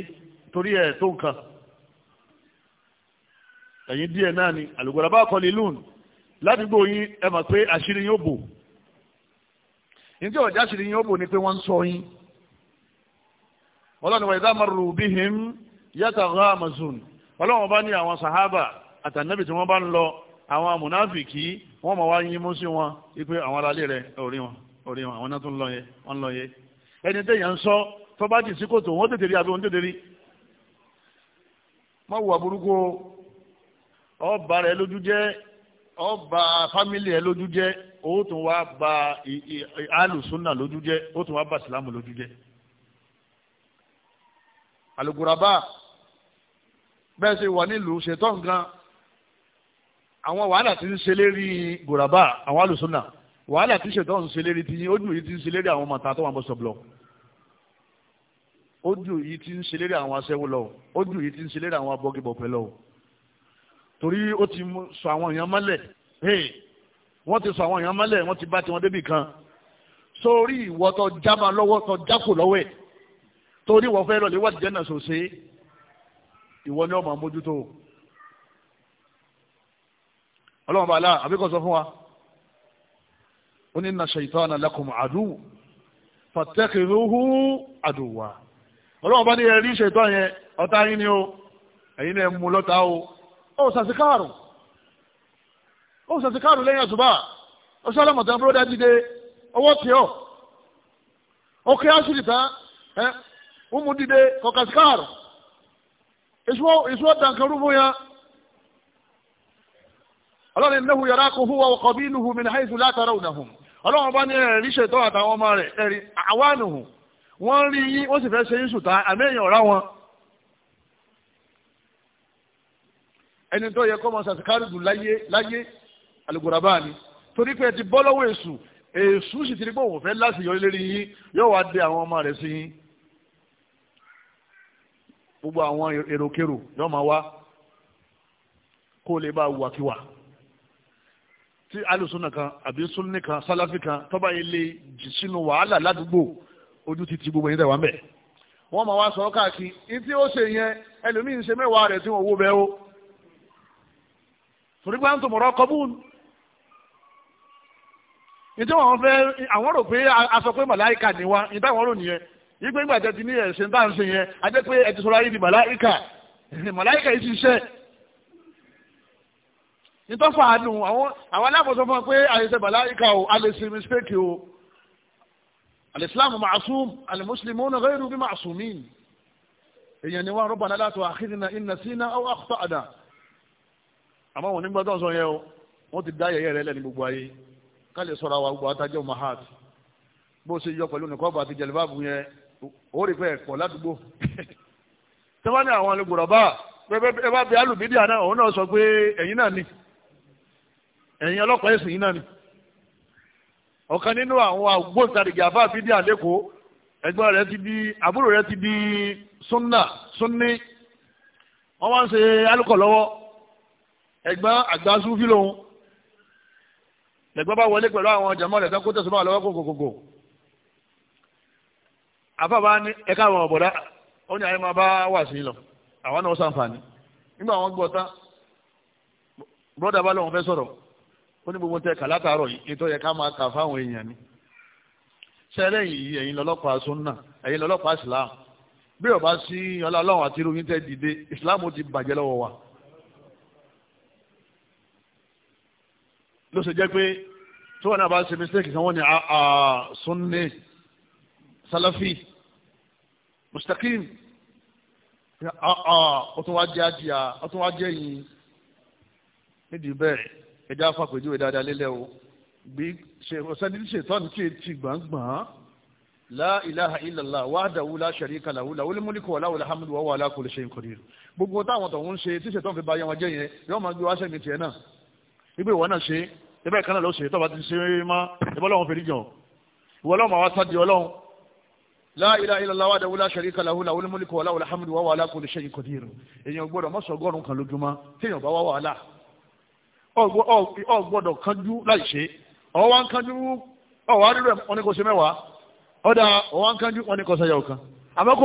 A: torí ẹ̀ tó nǹkan ẹ̀yin díẹ̀ náà ni àlùgbọ̀dàbà kọ́ni lùn ládùúgbò yín ẹ mọ̀ pé àṣírí yín ó bò nítorí ọ̀já àṣírí yín ó bò ni pé wọ́n ń sọ yín ọlọ́run wa ìdá marru bihim yataghamazun ọlọ́run bá ní àwọn sàhábà àtànẹ́bì tí wọ́n bá ń lọ àwọn amúnáfìkì wọ́n mọ̀ wá yín mú sí wọn wípé àwọn aráalé rẹ̀ orí wọn orí wọn àwọn náà tún lọ yẹ wọ́n lọ yẹ ẹni tẹ́yà ń sọ tó sí kòtò wọ́n tètè rí àbí wọ́n tètè rí mọ́ wà burúkú ọba rẹ lójú jẹ́ ọba fámìlì rẹ lójú jẹ́ ó tún wá ba alùsùnà lójú jẹ́ ó tún wá ba sìlámù lójú jẹ́ alùgùràbà bẹ́ẹ̀ ṣe wà nílùú ṣètọ́ nǹkan àwọn wàhálà ti ń ṣe lérí gùràbà àwọn alùsùnà wàhálà tí ṣètọ́ ń ṣe lérí ti yín ojú yìí ti ń ṣe lérí àwọn ọmọ àtàwọn àbọ̀ sọ̀blọ̀ ojú yìí ti ń ṣe lérí àwọn aṣẹ́wó lọ ojú yìí ti ń ṣe lérí àwọn abọ́gibọ̀pẹ̀ lọ torí ó ti sọ àwọn èèyàn mọ́lẹ̀ wọ́n ti sọ àwọn èèyàn mọ́lẹ̀ wọ́n ti bá tiwọn débì kan sórí ìwọ tó jábà lọ́wọ́ tó jákò lọ́wọ́ ẹ̀ torí ìwọ fẹ́ lọ́lẹ̀ wàá jẹ́nà sòsè ìwọ ni ó máa mójútó ọlọ́run bá àbíkọ́ sọ fún wa ó ní inna shaytana lakum àdúwò fàtẹ́kìrúhù àdùwà ọlọ́run bá ní ẹ̀rí ṣètọ́ yẹn ọ̀tá yín ni ó ẹ̀yin náà mú lọ́ta o ó sàṣìkáàrù ó sàṣìkáàrù lẹ́yìn àṣùbà ó sálọ̀mọ̀tàn búrọ́dá dìde ọwọ́ tí ó ó kí áṣìlì tán ẹ ó mú dìde kọ̀ọ̀kan síkáàrù èṣù ọ̀dàǹkan rúbú yẹn ọlọ́run ináhu yàrá kò húwa ọkọ̀ bí inú hùmí náà ìṣù látara ònàhùn ọlọ́run bá ní ẹ̀rí ṣètò àtàwọn ọmọ rẹ̀ ẹ̀rí àwánuhùn wọ́n rí yín ó sì fẹ́ ṣe yín sùtá àmẹ́yìn ọ̀rá wọn ẹni tó yẹ kọ́ mọ sàtìkárìdù láyé láyé alùgbòràbá ni torí pé ẹ ti bọ́ lọ́wọ́ èṣù èṣù sì ti rí pé òun fẹ́ láti yọ lérí yín yóò wá dé àwọn ọmọ rẹ̀ sí yín gbogbo àwọn èròkérò yóò máa wá kó lè bá wàkíwà tí alùsùnà kan àbí súnni kan sálàfì kan tọ́ba yìí lè jì sínú wàhálà ládùúgbò ojú ti ti gbogbo yín tẹ̀wá mẹ́ wọ́n máa wá sọ káàkiri ní tí ó ṣe yẹn ẹlòmíín ṣe mẹ́wàá rẹ̀ tí wọ́n wó bẹ́ẹ̀ torí pé à ń tó mọ̀rọ̀ ọkọ̀ búùn nítorí àwọn fẹ́ àwọn rò pé aṣọ pé màláìka ni wa níta àwọn rò nìyẹn yìí pé nígbà tẹ ti ní ẹ̀sìn tá à ń sìn yẹn a jẹ́ pé ẹ ti sọ̀rọ̀ ayé di màláìka màláìka yìí ti ṣẹ́ nítorí àánú àwọn alábòsọ fún wa pé àyẹ̀sẹ̀ màláìka o a lè ṣe mistake o alìsílámù màásùm alìmùsùlùmù náà gẹ́rù bí màásùmí èèyàn ni wọn rọ́bà náà látọ̀ àkíndínà àmọ́ wọn nígbà tó ń sọ yẹn o wọ́n ti dá yẹ̀yẹ́ rẹ lẹ́ni gbogbo ayé ká lè sọ̀rọ̀ àwọn àgbà àtàjẹ́ mahat bó ṣe yọ pẹ̀lú nìkan bá ti jẹ̀lẹ́bàbù yẹn ó rí pé ẹ̀kọ́ ládùúgbò tẹ́wọ́n ní àwọn olùgbòrò bá ẹ bá bẹ alùbídíà náà òun náà sọ pé ẹ̀yin náà ni ẹ̀yin ọlọ́pàá ẹ̀sìn yín náà ni ọ̀kan nínú àwọn agbóǹtarìgì àfáà bídíà lẹ́kọ̀ọ́ ẹgbẹ́ rẹ ti di àbúrò rẹ ti di sunna sunni wọ́n wá ń ṣe alukọ̀ lọ́wọ́ ẹ̀gbọ́n àgbà súnfí lòun lẹ́gbọ́n bá wọlé pẹ̀lú àwọn jàmọ́ rẹ̀ tán kó tẹ̀sùn bá lọ́wọ́ kòkòkò afábá ní ẹ̀ka àwọn ọ̀bọ̀dá ó ní àyè máa bá wà sí lọ àwọn náà sàǹfààní nígbà wọn gbọ́ tán bọ́dà bá lọ́wọ́ fẹ́ sọ̀rọ̀ ó ní gbogbo tẹ kà látàárọ̀ yìí tó máa kà fáwọn èèyàn ni sẹ́rẹ̀ yìí ẹ̀yin lọ́lọ́pàá sunna ẹ̀yin lọ́lọ́pàá islam bí ọba sí ọlá ọlọ́run àti irú yín tẹ́ dìde islam ti bàjẹ́ lọ́wọ́ wa ló ṣe jẹ́ pé tí wọ́n náà bá ṣe mistake sanwó ni ah, ah, sunni salafi mustaqim ọtún ah, wá jẹ́ àjíyà ọtún wá jẹ́ yìí nídìí bẹ́ẹ̀ ẹjọ́ afápèjúwe dáadáa lélẹ̀ o bí ọ̀sẹ́ni ṣètọ́ni tí ti gbàngbàn la ilaha illallah wahdahu la sharika lahu lahul mulku wa lahul hamdu wa huwa ala kulli shay'in qadir gbogbo táwọn tó ń ṣe tí ṣètọ́n fi bá yẹn wọn jẹ́ yẹn yọ́n máa gbé wáṣẹ́ mi tiẹ̀ náà ibi ìwọ náà ṣe ibẹ̀ ìkan náà ló ṣe tọ́ba ti ṣe má ìbọn lọ́wọ́ fèrè jàn ìwọ lọ́wọ́ àwọn sáde ọlọ́run la ilaha illallah wahdahu la sharika lahu lahul mulku wa lahul hamdu wa huwa ala kulli shay'in qadir èèyàn gbọ́dọ̀ mọ́ sọgọ́rùn kan lójúmọ́ téèyàn bá wá wàhálà ọ gbọ́dọ̀ láì ṣe ọ wá wọn ni kò ṣe mẹ́wàá ọ dà ọ wọn ni kò ṣe yà ọ̀kan àmọ́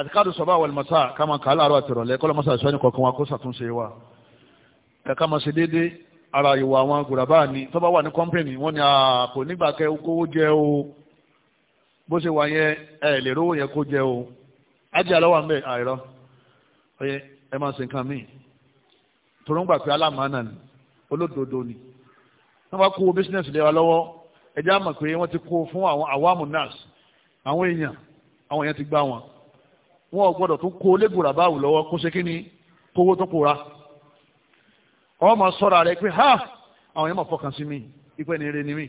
A: àtikáàdù sọ̀bá àwọn ìmọ̀sá ká máa kà á láàárọ̀ àti ìrọ̀lẹ́ kọ́lọ́ kọ̀ọ̀kan wa kó ṣàtúnṣe wa kàkà máa ṣe déédé ara ìwà àwọn gùràbá ni tó bá wà ní kọ́mpìnì wọ́n ní àpò nígbà kẹ́ kówó jẹ o bó ṣe wà yẹn ẹ eh, lè rówó yẹn kó jẹ o ájì àlọ́wà mbẹ́ àìrọ́ ah, ọyẹ ẹ e máa ṣe nǹkan míì tòun pé alámàánà ni olódodo ni wọ́n bá kó bísínẹ́sì lé wa lọ́wọ́ ẹjẹ́ e àmọ̀ pé wọ́n ti kó fún àwọn àwámù nurse àwọn èèyàn àwọn èèyàn ti gbá wọn wọn ò gbọ́dọ̀ tún kó lẹ́gùn ràbáwù lọ́wọ́ kó ṣe kí ni kówó tó kóra ọmọ máa sọ́ra rẹ pé ha àwọn yẹn máa fọkàn sí mi ìpẹ́ ni eré ni mí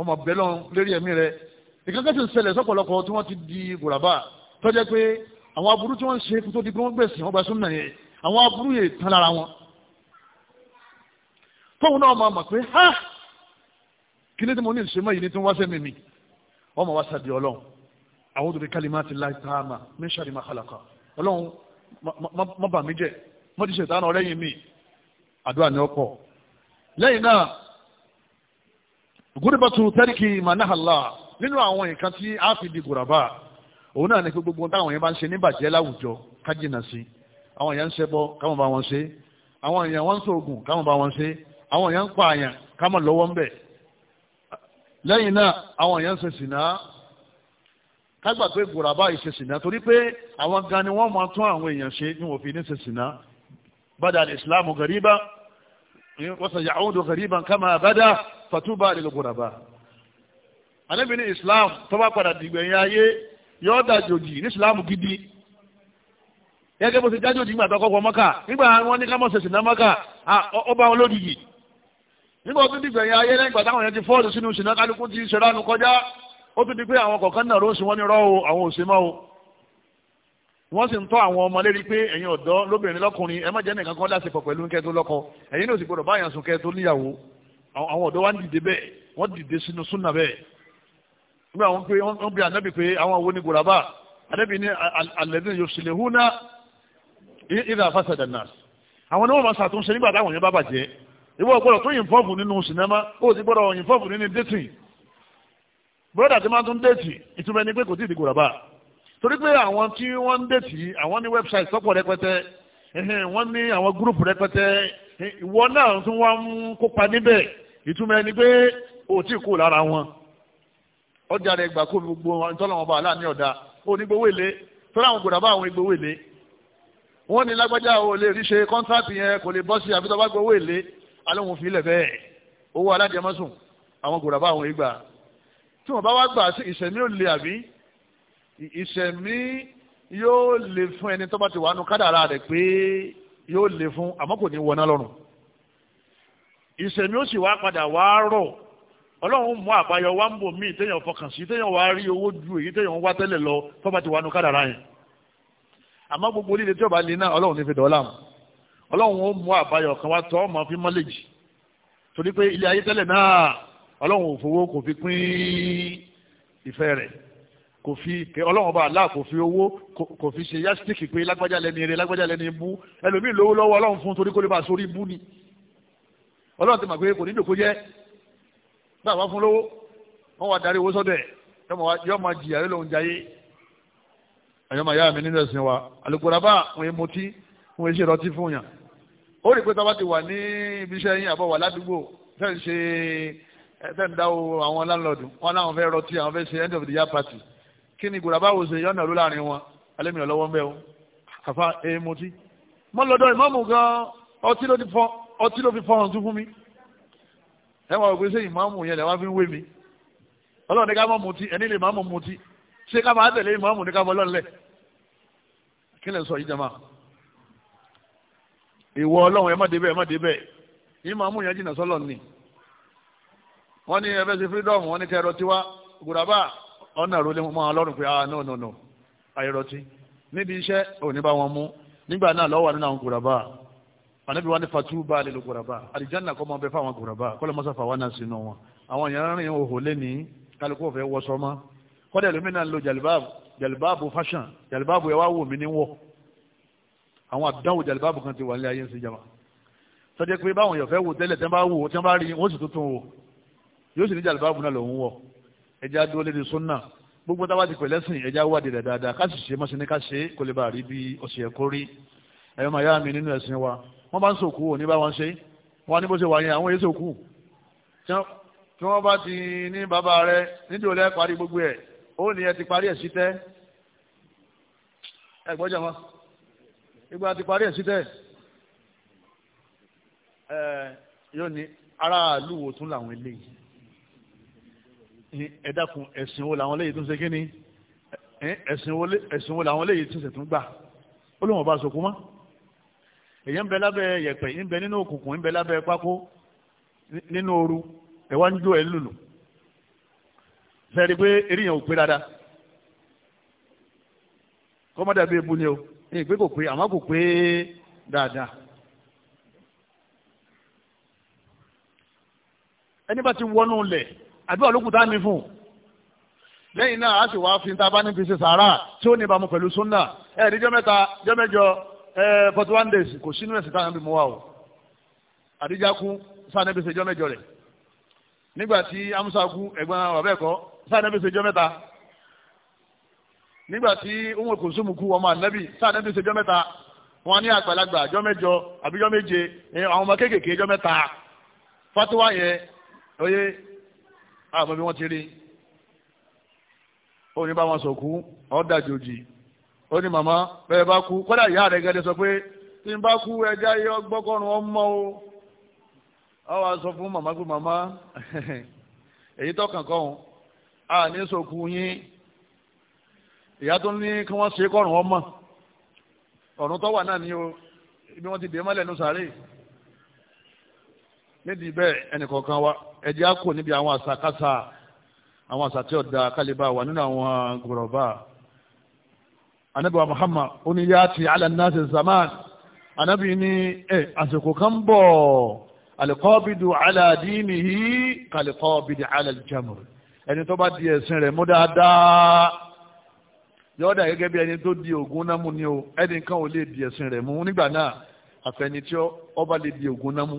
A: ọmọ bẹ́lọ̀ lérí ẹ̀mí rẹ ìkankan sì ń ṣẹlẹ̀ tí wọ́n ti di gùràbà tó jẹ́ pé àwọn aburú tí wọ́n ṣe kó tó di pé wọ́n gbèsè wọn bá súnmọ́ yẹn àwọn aburú yẹn tán lára wọn tóun náà máa mọ̀ pé ha kí ni tí mo ní ìṣe mọ́ yìí ni tí wọ́n wá sẹ́mi mi ọmọ wa sàdí ọlọ́run a'udhu bi kalimati llahi taama min sharri ma khalaqa ọlọ́run má bà mí jẹ́ mo ti ṣètàn ọ̀rẹ́ yìí mi àdúrà ni ó pọ̀ lẹ́yìn náà gúrúbàtú tẹ́ríkì manahala nínú àwọn nǹkan tí a fi di gùràbà òun náà ni pé gbogbo táwọn yẹn bá ń ṣe níbàjẹ́ láwùjọ kájìnà sí àwọn èèyàn ń ṣẹbọ káwọn bá wọn ṣe àwọn èèyàn wọn ń ṣoògùn káwọn bá wọn ṣe àwọn èèyàn ń pa káwọn lọ́wọ́ ń bẹ̀ lẹ́yìn náà àwọn èèyàn ń ṣe sìnà kágbà pé gòràbá ìṣesìnà torí pé àwọn gan ni wọ́n máa tún àwọn èèyàn ṣe ní òfin ní ṣesìnà bada al-islamu ghariban wa sayaudu ghariban kama bada fatuba lil gòràbá anábì ní islam tó bá padà dìgbẹ̀yìn ayé yóò dàjòjì ní islam gidi gẹ́gẹ́ bó ti dájòjì nígbà tó mọ́kà nígbà wọn ní ká má mọ́kà ọba wọn lódìyì nígbà ayé lẹ́yìn ó tún di pé àwọn kọ̀ọ̀kan náà ló ń sin wọ́n ní rọ́ọ̀ àwọn òsè máa o wọ́n sì ń tọ́ àwọn ọmọ lérí pé ẹ̀yin ọ̀dọ́ lóbìnrin lọ́kùnrin ẹ má jẹ́ nìkan kan láṣepọ̀ pẹ̀lú kẹ́ tó lọ́kọ ẹ̀yin náà sì gbọ́dọ̀ báyàn sùn kẹ́ tó níyàwó àwọn ọ̀dọ́ wa ń dìde bẹ́ẹ̀ wọ́n dìde sínú súnà bẹ́ẹ̀ nígbà wọn pé wọ́n bí anábì pé àwọn owó ní gòràbà anábì ní alẹ́dín yuslihuna idha fasada an-nas àwọn ni wọ́n máa ṣàtúnṣe nígbà táwọn yẹn bá bàjẹ́ ìwọ gbọ́dọ̀ tó yìn nínú sinimá ó sì gbọ́dọ̀ yìn nínú dating bọ́dà tí máa tún déètì ìtumọ̀ ẹni pé kò tí ì di gòràbà torí pé àwọn tí wọ́n ń déètì àwọn ní wẹ́bsáìtì sọ́pọ̀ rẹpẹtẹ wọ́n ní àwọn gúrùpù rẹpẹtẹ ìwọ náà tún wá ń kópa níbẹ̀ ìtumọ̀ ẹni pé ò tí ì kú lára wọn ọjà rẹ̀ gbà kó gbogbo ìtọ́lọ́wọ́n bá aláàní ọ̀dà ó ní gbowó èlé tọ́lá àwọn gòràbà àwọn ìgbowó èlé wọ́n ní lágbájá ò lè rí ṣe kọ́ńtráàtì yẹn kò tí wọ́n bá wá gbà sí ìṣẹ̀mí ò le àbí ìṣẹ̀mí yóò le fún ẹni tó bá ti wà nù kádàrá rẹ̀ pé yóò le fún àmọ́ kò ní wọná lọ́rùn ìṣẹ̀mí ó sì wá padà wá rọ̀ ọlọ́run mú àbáyọ wá ń bò míì téèyàn fọkàn sí téèyàn wá rí owó ju èyí téèyàn wá tẹ́lẹ̀ lọ tó bá ti wà nù kádàrá yẹn àmọ́ gbogbo líle tí ó bá le náà ọlọ́run ní fi dọ́là mu ọlọ́run ó mú àbáyọ kan wá tọ́ ọmọ fi mọ́lẹ̀jì torí pé ilé ayé tẹ́lẹ̀ náà ọlọ́run ò fowó kò fi pín ìfẹ́ rẹ̀ kò fi ọlọ́run bá aláà kò fi owó kò fi ṣe yásítìkì pé lágbájá lẹni eré lágbájá lẹni ibú ẹlòmíì lówó lọ́wọ́ ọlọ́run fún torí kó lè bá sórí ibú ni ọlọ́run ti mọ̀ pé kò ní dòkó jẹ́ bá a bá fún lówó wọ́n wá darí owó sọ́dọ̀ ẹ̀ yọ máa jìyà rẹ lòun jayé àyọ́ màá yá mi nínú ẹ̀sìn wa àlùkòrà bá òun èmo tí òun èṣe rọtí fún yàn ó rí pé tábà ti wà ní ibiṣẹ́ yín àbọ̀ ládùúgbò fẹ́ẹ́ ṣe ẹsẹ̀ ń dáwọ́ àwọn láńlọ́ọ̀dù wọn láwọn fẹ́ rọtí àwọn fẹ́ ṣe end of the year party kí ni gbòdàbá wò ṣe yọ̀nà ló láàrin wọn alẹ́ mi ò lọ́wọ́ ń bẹ́ o àfa ẹ mutí mọ́ lọ́dọ̀ ìmọ̀mù gan ọtí ló fi fọ́ ọ̀hún tún fún mi ẹ wọ́n gbé sẹ́yìn ìmọ̀mù yẹn lẹ́wọ́n fi ń wé mi ọlọ́run ní ká mọ̀ mutí ẹni lè máa mọ̀ mutí ṣé ká máa tẹ̀lé ìmọ̀mù ní ká mọ̀ lọ́nlẹ̀ kí lẹ́ sọ yìí jama ìwọ ọlọ́run ẹ má débẹ̀ ẹ má débẹ̀ ìmọ̀mù yẹn jìnnà sọ́lọ́ ni wọ́n ní ẹ̀fẹ́ sí freedom wọ́n ní kẹrọ tiwa gùdàbà ọ̀nà ìrọ̀lẹ́ mọ́ ọlọ́run pé ah no no no àìrọ̀tí níbi iṣẹ́ òní bá wọn mú nígbà náà lọ́wọ́ nínú àwọn gùdàbà ànábi wọn ní fatu bá lílo gùdàbà àlìjánà kọ́ mọ́ bẹ fáwọn gùdàbà kọ́lẹ̀ mọ́sáfà wà náà sínú wọn àwọn èèyàn rìn òhò lẹ́ni kálukú ọ̀fẹ́ wọ sọ́mọ́ kọ́dẹ̀ lómìnà lo jàlibáàbù jàlibáàbù fashion jàlibáàbù ẹ̀ wá wò mí ní wọ̀ àwọn àdánwò jàlibáàbù kan ti wà nílé ayé ń sí jama tọ́jú yóò sì ní jàlùbáàbù náà lòun wọ̀ ẹja dúró lédi súnà gbogbo táwa ti pẹ̀lẹ́ sìn ẹja wádìí rẹ̀ dáadáa ká sì ṣe mọ́ sí ní ká ṣe é kó lè bá rí bí ọ̀sẹ̀ ẹ̀kọ́ rí ẹ̀yọ́ màá yá mi nínú ẹ̀sìn wa wọ́n bá ń sòkú òní bá wọn ṣe wọn ní bó ṣe wà yẹn àwọn èyí sòkú tí wọ́n bá ti ní bàbá rẹ nídìí olè parí gbogbo ẹ̀ ó ní ẹ ti parí ẹ̀ sí tẹ́ ẹ gbọ́dọ̀ wọn ìgbà ti parí ẹ̀ sí tẹ́ ẹ yóò ní aráàlú wo tún làwọn eléyìí ẹ dákun ẹ̀sìn wo làwọn léyìí tó ń ṣe kíni ẹ̀sìn wo làwọn léyìí tó ń ṣe tún gbà ó lóun ọba àsòkú mọ́ èyàn ń bẹ lábẹ́ yẹ̀pẹ̀ ń bẹ nínú òkùnkùn ń bẹ lábẹ́ pákó nínú ooru ẹ̀wá ń jó ẹ̀ lùlù sẹ́ẹ̀rí pé eré yẹn ò pé dáadáa kọ́mọ́dà bíi ebu ni o ní ìpé kò pé àmọ́ kò pé dáadáa. ẹni bá ti wọnú lẹ̀ àbí ọ̀lọ́kùn tá mi fún lẹ́yìn náà a sì wá fi ta bá ní fi ṣe sàárà tí ó níbàámu pẹ̀lú súnà ẹ̀ níjọ́ mẹ́ta jọ́ mẹ́jọ ẹ̀ forty one days kò sínú ẹ̀sìn táwọn bí mo wà o àdíjá kú sáà níbi ṣèjọ́ mẹ́jọ rẹ̀ nígbà tí amusa kú ẹ̀gbọ́n bàbá ẹ̀kọ́ sáà níbi ṣèjọ́ mẹ́ta nígbà tí umar kòsùmù kú ọmọ anabi sáà níbi ṣèjọ́ mẹ́ta wọn ní àgbàlagbà jọ́ àbí jọ́ àwọn ọmọ kéékèèké jọ́ mẹ́ta yẹ oye àmọ́ ah, bí wọ́n ti rí ó ní bá wọn sọ̀kú ọ̀dàjòjì ó ní màmá bẹ́ẹ̀ bá kú kọ́dà ìyá rẹ̀ gẹ́gẹ́ sọ pé tí n bá kú ẹja yọ ọmọ o ọ wá sọ fún màmá pé màmá <laughs> èyí tọkàn a ní sọ̀kú yín ìyá tó ní kí wọ́n ṣe ọmọ ọ̀run tó wà náà ni o ibi wọ́n ti dè mọ́lẹ̀ nídìí bẹ́ẹ̀ wa ẹ̀jẹ̀ á kò níbi àwọn àṣàkáṣà àwọn àṣà tí ọ̀dà kálíbà wà nínú àwọn anabi wa muhammad ó ní yáàtì zaman anabi ní ẹ àsìkò kan bọ̀ alikọ́bìdù aládìní yìí kalikọ́bìdù alàjàmù ẹni tó bá di ẹ̀sìn rẹ̀ mú dáadáa yọ́ọ̀dà gẹ́gẹ́ bí ẹni tó di ogun náà mú ni o ẹnìkan ò lè di ẹ̀sìn rẹ̀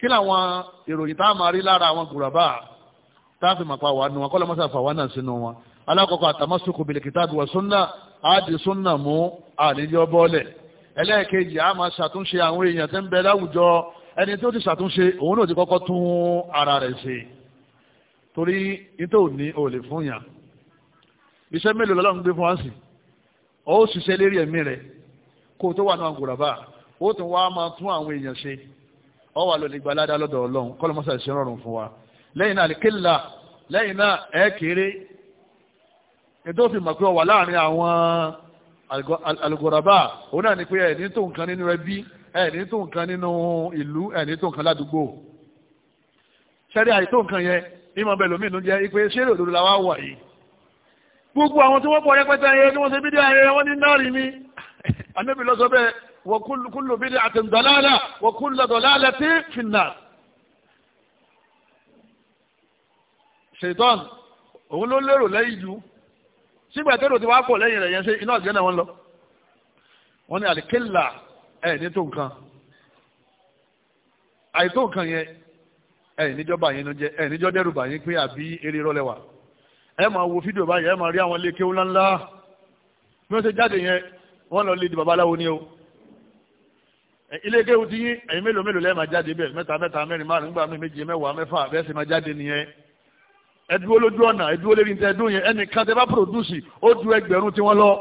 A: kí làwọn ìròyìn tá a máa rí lára àwọn gùràbà tá a fi màpa wà nù wọn kọ́ lọ́mọ́sá fà wà náà sínú wọn alákọ̀ọ́kọ́ àtàmọ́sùkù bil kitabi wa súnà áàdì súnà mú àníyọ́ bọ́ọ̀lẹ̀ ẹlẹ́ẹ̀kejì a máa ṣàtúnṣe àwọn èèyàn tẹ́ ń bẹ láwùjọ ẹni tó ti ṣàtúnṣe òun náà ti kọ́kọ́ tún ara rẹ̀ ṣe torí nítorí òní ò fún yàn iṣẹ́ mélòó lọ́lọ́run gbé fún wa sí ó ṣiṣẹ́ lérí ẹ̀mí rẹ̀ kó o tó wà náà gùràbà ó tún wá máa tún àwọn èèyàn ṣe ọ wà lónìí gbalada lọ́dọ̀ ọlọ́run kọ́lọ́ mọ́sá ṣe rọrùn fún wa lẹ́yìn náà àlìkílà lẹ́yìn náà ẹ kéré ètò òfin mọ̀ pé ọ wà láàrin àwọn alugoraba òun náà ni pé ẹ̀ ní tó nǹkan nínú ẹbí ẹ̀ ní tó nǹkan nínú ìlú ẹ̀ ní tó nǹkan ládùúgbò sẹ́rí àìtó nǹkan yẹn ìmọ̀ bẹ́ẹ̀ lómi ìlú jẹ́ ipe ṣeré òdodo la wá wà yìí gbogbo àwọn tí wọ́n pọ̀ rẹpẹtẹ yẹn ni wọ́n ṣe bídí ayẹyẹ wọ́n ní náà rí mi anábì وكل كل بدعة ضلالة وكل ضلالة في النار شيطان òun ló lérò lẹ́yìn ju sígbà tẹ́lò tí wàá pọ̀ lẹ́yìn rẹ̀ yẹn ṣe iná àjẹ́ náà wọ́n lọ wọ́n ní àlìkélà ẹ̀ ní tó nǹkan àìtó nǹkan yẹn ẹ̀ níjọba yẹn ló jẹ ẹ̀ níjọ́ dẹ́rùbà yẹn pé àbí eré rọ́lẹ́wà ẹ̀ máa wo fídíò báyìí ẹ̀ máa rí àwọn ilé kéwú ńláńlá bí wọ́n ṣe jáde yẹn wọ́n lọ lé di babaláwo ní o ilé kéwù ti yín ẹ̀yin mélòó mélòó lẹ́ẹ̀ máa jáde bẹ́ẹ̀ mẹ́ta mẹ́ta mẹ́rin márùn gbà mí méje mẹ́wàá mẹ́fà bẹ́ẹ̀ sì máa jáde nìyẹn ẹ dúró lójú ọ̀nà ẹ dúró lérí tẹ dún yẹn ẹnìkan tẹ bá pòròdúsì ó ju ẹgbẹ̀rún tí wọ́n lọ.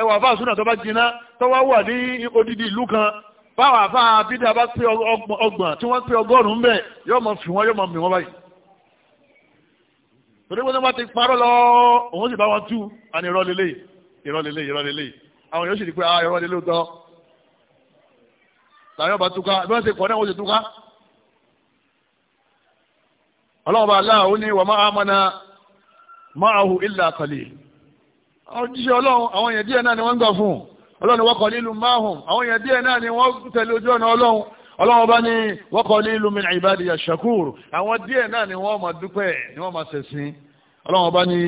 A: ẹ wà fáà súnà tó bá jiná tó wá wà ní odidi ìlú kan báwa fáà bídà bá pé ọgbọ̀n tí wọ́n pé ọgọ́rùn-ún bẹ́ẹ̀ yóò mọ fì wọ́n yóò mọ mì wọ́n báyìí. torí pé wọ́n ti parọ́ lọ òun sì bá wọn tú àní ìrọ̀lẹ́lẹ́ ìrọ̀lẹ́lẹ́ ìrọ̀lẹ́lẹ́ àwọn yóò sì rí pé ah ìrọ̀lẹ́lẹ́ lóòótọ́ làwọn ọba túká bí wọ́n ṣe kọ́ náà wọ́n ṣe túká. ọlọ́run bá aláà ó ní wàmá amana máàhù illa qalil. àwọn jíṣẹ́ ọlọ́run àwọn èèyàn díẹ̀ náà ni wọ́n ń gbà fún un ọlọ́run wọ́kọ̀ nílùú máàhùn àwọn èèyàn díẹ̀ náà ni wọ́n tẹ̀lé ojú ọ̀nà ọlọ́run ọlọ́run bá ní wọ́kọ̀ nílùú min ibadiya shakur àwọn díẹ̀ náà ni wọ́n máa dúpẹ́ ni wọ́n máa ṣẹ̀sìn ọlọ́run bá ní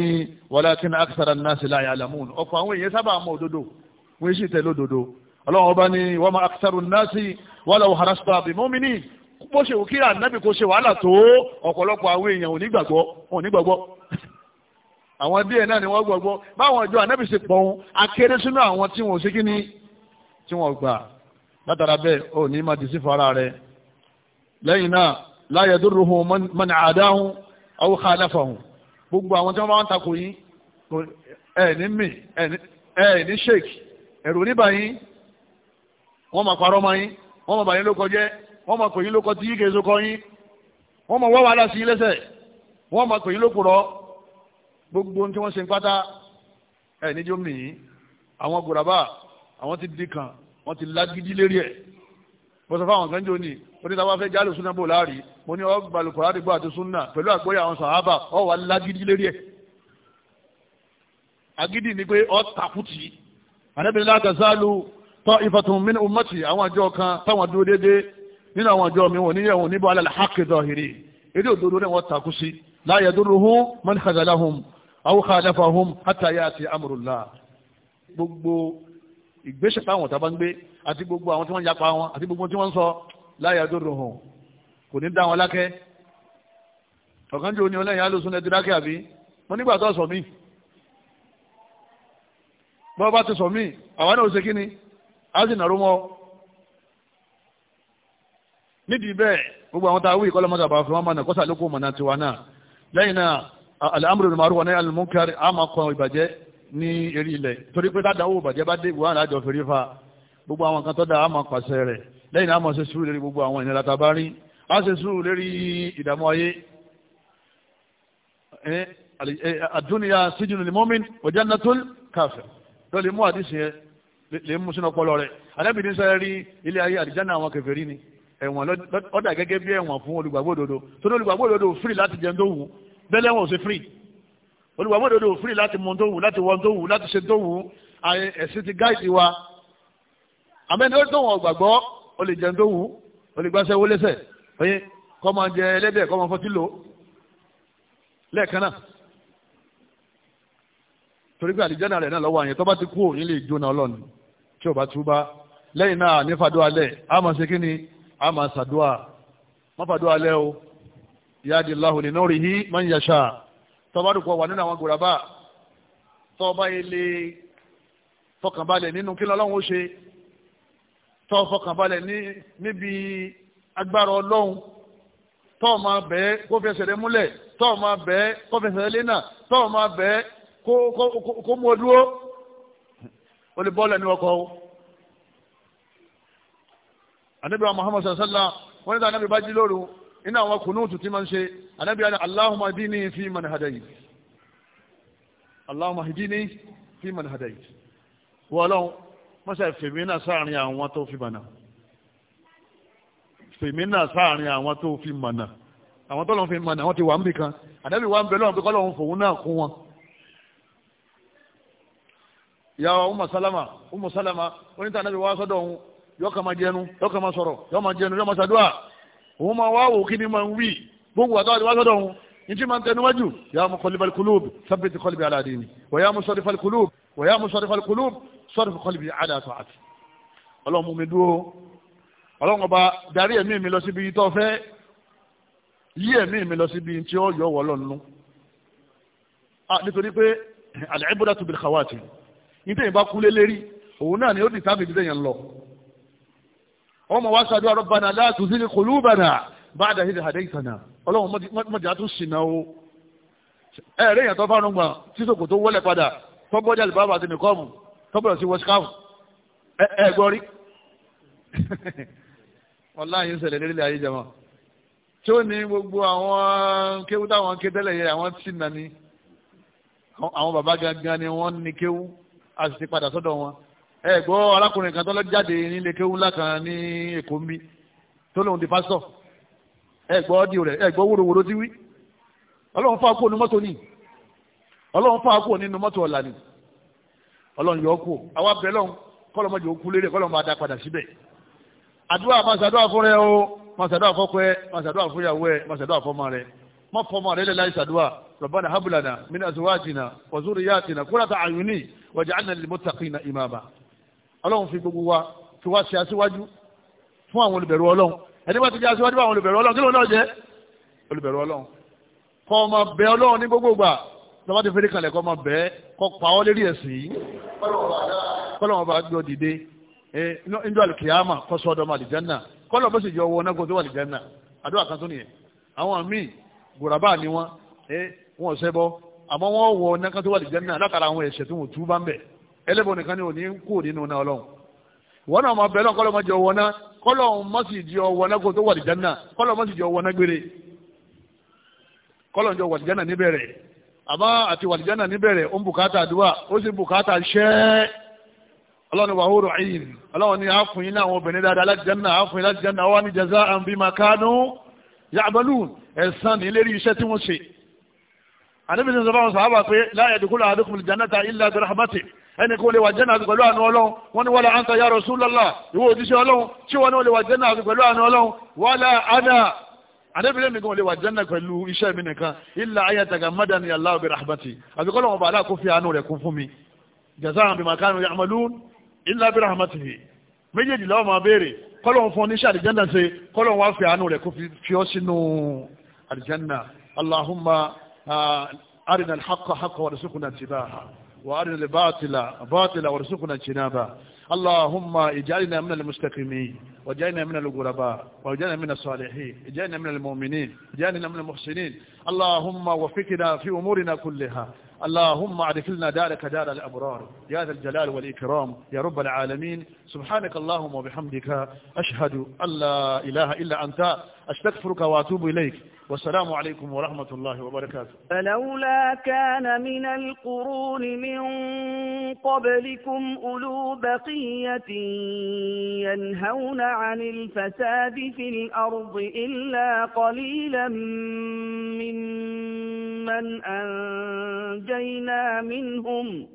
A: walakin akthara an-nasi la ya'lamun ọ̀pọ̀ àwọn èèyàn sábà mọ òdodo wọ́n sì tẹ̀lé òdodo ọlọ́run ọba ni wọ́n máa akitaru nasi wọ́n lọ́wọ́ harasita bimomini bó ṣe kí ànábì kó ṣe wàhálà tó ọ̀pọ̀lọpọ̀ àwọn èèyàn ò ní gbàgbọ́ wọn ò ní gbàgbọ́ <laughs> àwọn díẹ̀ náà ni wọ́n gbàgbọ́ báwọn ìjọ ànábì ṣe pọ̀ ohun akéré sínú àwọn tí wọ́n ṣe kí ni tí wọ́n gbà látara bẹ́ẹ̀ ò ní máa dìsí fara rẹ̀ lẹ́yìn náà la yadurruhum man àdáhùn aw khalafahum gbogbo àwọn tí wọ́n bá ń takò yín ẹ̀ ní mì ẹ̀ ní sheik ẹ̀rù níbàyín wọ́n máa parọ́ mọ́ yín wọ́n máa bàyín lóko jẹ́ wọ́n máa pè yín lóko tí yín kèé sókọ yín wọ́n máa wá wàhálà sí yín lẹ́sẹ̀ wọ́n máa pè yín lóko rọ gbogbo tí wọ́n ṣe ń pátá ẹ̀ níjó mì yín àwọn gòràbà àwọn ti di kan wọ́n ti lágídí lérí ẹ̀ bọ́sọ̀ fáwọn kan jò ní onítàwọn fẹ́ jálò súnà bò láàrí mo ní ọgbà lùkọ̀ láti gbọ́ àti súnà pẹ̀lú àgbóyà àwọn sàhábà ọ wà lágídí lérí ẹ̀ agídí ni pé ọ tàkùtì àdébìnrin láti sáàlù ta'ifatun min ummati àwọn àjọ kan táwọn dúró déédéé nínú àwọn àjọ mi wọn níyẹn wọn níbo alẹ́ haqqi zahiri èdè òdodo náà wọ́n takú sí la yadurruhum man khazalahum aw khalafahum hatta ya'ti amrullah gbogbo ìgbésẹ̀ táwọn ọ̀tá bá ń gbé àti gbogbo àwọn tí wọ́n yapa wọn àti gbogbo tí wọ́n ń sọ la yadurruhum kò ní dá wọn lákẹ́ ọ̀kánjọ́ ni ọlẹ́yìn alóòsùn ẹ̀ dídákẹ́ àbí wọ́n nígbà tó sọ mí bọ́ bá ti sọ mí àwa náà ó ṣe kí ni Azi na nàró mọ́ nídìí bẹ́ẹ̀ gbogbo àwọn tá a wí ìkọlọ́mọ́ tàbá fún wọn mọ̀nà kọ́sà lókù mọ̀nà tiwa náà lẹ́yìn náà alhamdulilayi maru wa ní alimunkari a máa kọ ìbàjẹ́ ní eré ilẹ̀ torí pé dáadáa owó ìbàjẹ́ bá dé ìwà àjọ fèrè fa gbogbo àwọn kan tó dáa a máa pàṣẹ rẹ̀ lẹ́yìn náà a máa ṣe sùúrù gbogbo àwọn ìnira tàbá rí a ṣe sùúrù ìdààmú ayé àdúnyà síjìnnì mọ́mìn ọ̀jẹ́ nàtúl káfẹ́ lọ́ọ́ lè mú sínú ọpọlọ rẹ̀ anábìrin sọ rí ilé ayé àdìjánà àwọn kèfèrí ni ẹ̀wọ̀n ọ̀dà gẹ́gẹ́ bí ẹ̀wọ̀n fún olùgbàgbọ́ òdodo torí olùgbàgbọ́ òdodo free láti jẹun tó wù bẹ́lẹ̀ wọn ò sí free olùgbàgbọ́ òdodo free láti mọ tó wù láti wọ tó wù láti ṣe tó wù ẹ̀sìn ti gáìdì wa àmẹ́ni ó tó wọn gbàgbọ́ ó lè jẹun tó wù ó lè gbàṣẹ́ wọlẹ́sẹ̀ oye kọ́ máa jẹ ẹlẹ́dẹ̀ kọ́ máa fọtí lò lẹ́ẹ̀kan náà torí pé àdìjánà rẹ̀ náà lọ́wọ́ àyẹ̀tọ́ bá ti kú òyìn lè jóná ọlọ́run tí ò bá túbá lẹ́yìn náà ní fàdúrà lẹ̀ á máa ṣe kíni á máa ṣàdúrà má fàdúrà lẹ̀ o yáàdì láhùn ní nọ́ọ̀rì yìí máa ń yàṣà tọ́bádùpọ̀ wà nínú àwọn gòràbà tọ́ba ilé fọkànbalẹ̀ nínú kí lọ́lọ́run ó ṣe tọ́ fọkànbalẹ̀ níbi agbára ọlọ́run tọ́ ma bẹ́ẹ̀ kó múlẹ̀ tọ́ ma bẹ́ẹ̀ kó fẹsẹ̀ rẹ lẹ́nà bẹ́ẹ̀ kó mú ọ ó lè bọ́ọ̀lù ẹni ọkọ̀ o anabi wa muhammad sallallahu wọn ní ta anabi bá jí lóru iná àwọn kunutu tí ma ń ṣe anabi wa ni allahumma dini fi man hadayi allahumma dini fi man hadayi wọlọ́n mọ́sá fèmí náà sáàrin àwọn tó fi mọ̀nà fèmí náà sáàrin àwọn tó fi mọ̀nà àwọn tó lọ́n fi mọ̀nà wọ́n ti wà ń bì kan anabi wa ń bẹ lọ́n bí kọ́ lọ́n fòun náà kún wọn ìyá Ummu Salama Ummu Salama oníta anabi wa sọ́dọ̀ òun yọ kama jẹnu yọ kama sọ̀rọ̀ yọ ma jẹnu yọ ma ṣàdúrà òun ma wá wò kí ni ma ń wí gbogbo àtàwọn àti wa sọ́dọ̀ òun nti man tẹnu wájú ya muqallibal qulub thabbit qalbi ala dini wa ya musarrifal qulub wa ya musarrifal qulub sarrif qalbi ala ta'ati Ọlọ́run mú mi dúró Ọlọ́run ọba darí ẹ̀mí mi lọ síbi tó fẹ́ yí ẹ̀mí mi lọ síbi tí ó yọ wọ lọnu ah, nítorí pé al-'ibratu bil khawatim nítorí bá kú lé lérí òun náà ni ó ti sábì dídé yẹn lọ ọmọ wa ṣàdúrà rabbana la tuzigh qulubana ba'da idh hadaytana ọlọ́run mọ̀jà tún ṣìnà o ẹ̀rẹ́ yẹn tó fárún gbà sísòkò tó wọlé padà tọ́gbọ́jà lè bábà àti nìkọ́ọ̀mù tọ́gbọ́dọ̀ sí wọ́ṣkáfù ẹ gbọ́ rí ọláyìn <laughs> ń ṣẹlẹ̀ lérílẹ̀ ayé jẹmọ́ tí ó ní gbogbo àwọn kéwú táwọn ké tẹ́lẹ̀ yẹ àwọn tí nà ní àwọn bàbá gangan ni wọ́n ní kéwú a sì ti padà sọ́dọ̀ wọn ẹ gbọ́ arákùnrin kan tọ́lọ́ jáde nílé kéwú ńlá kan ní èkó ń bí tó lóun di pásítọ̀ ẹ gbọ́ ọ́díò rẹ̀ ẹ gbọ́ wòrowòro ti wí ọlọ́run fà kúrò ní mọ́tò ní ọlọ́run fà kúrò nínú mọ́tò ọ̀là ni ọlọ́run yọ kúrò àwa bẹ̀ lọ́hùn kọ́lọ́mọdé òkú lérè kọ́lọ́mọ adá padà síbẹ̀ àdúrà màsàdúrà fún rẹ o màsàdúrà fọ́kọ ẹ màsàdúrà fún ẹ màsàdúrà fọ́mọ rẹ mọ́ rẹ lẹ́láì sàdúrà ربنا هب لنا من أزواجنا وذرياتنا قرة أعين واجعلنا للمتقين إماما ọlọ́run fi gbogbo wa fi wá ṣe aṣíwájú fún àwọn olùbẹ̀rù ọlọ́run ẹni bá ti jẹ́ aṣíwájú fún àwọn olùbẹ̀rù ọlọ́run kí ló náà jẹ́ olùbẹ̀rù ọlọ́run kọ́ ọmọ bẹ ọlọ́run ní gbogbo gbà lọ́wọ́ ti fẹ́rẹ́ kalẹ̀ kọ́ ọmọ bẹ kọ́ pa ọ́ lérí ẹ̀sìn yìí kọ́lọ́wọ́n bá gbọ́ dìde inú alùkìyàmà kọ́ sọ ọdọ màlìjánà kọ́lọ́ bó sì jọ owó náà kó tó wàlìjánà àdúrà kan tó nìyẹn àwọn míì gùràbà ni wọ́n wọn ọ̀sẹ̀ bọ́ àmọ́ wọn wọ náà tó wà lìjẹ́ náà látara àwọn ẹ̀ṣẹ̀ tó wọ́n tú bá ń bẹ̀ ẹlẹ́bọn nìkan ni ò ní kú nínú náà ọlọ́run wọn náà máa bẹ̀ lọ kọ́lọ́ mọ́jọ wọn náà kọ́lọ́ mọ́sìdì ọwọ́ náà kó tó wà lìjẹ́ náà kọ́lọ́ mọ́sìdì ọwọ́ náà gbére kọ́lọ́ jọ wà lìjẹ́ náà níbẹ̀rẹ̀ àmọ́ àti wà lìjẹ́ náà níbẹ̀rẹ̀ ó ń bùkátà àdúrà ó sì bùkátà ṣẹ́ ọlọ́run wà hóòrò ayin ọlọ́run ni a náà a àníbi tí ń sọ fáwọn sàábà pé láyé dùkúlù àdúkùn jannata illa bi rahmati ẹni kó lè wà jẹ́nà àti pẹ̀lú àánú ọlọ́run wọ́n ní wala anta ya Rasulullah ìwọ òjíṣẹ́ ọlọ́run tí wọ́n ní lè wà jẹ́nà àti pẹ̀lú àánú ọlọ́run wala ana àníbi lè mìkan lè wà jẹ́nà pẹ̀lú iṣẹ́ mi nìkan illa ayé tàgà mádàní Allah bi آه، أرنا الحق حقا وارزقنا اتباعه وأرنا الباطل باطلا وارزقنا اجتنابه اللهم اجعلنا من المستقيمين واجعلنا من الغرباء واجعلنا من الصالحين اجعلنا من المؤمنين اجعلنا من المحسنين اللهم وفقنا في أمورنا كلها اللهم أدخلنا دارك دار الأبرار يا ذا الجلال والإكرام يا رب العالمين سبحانك اللهم وبحمدك أشهد أن لا إله إلا أنت أستغفرك وأتوب إليك والسلام عليكم ورحمة الله وبركاته فلولا كان من القرون من قبلكم أولو بقية ينهون عن الفساد في الأرض إلا قليلا ممن أنجينا منهم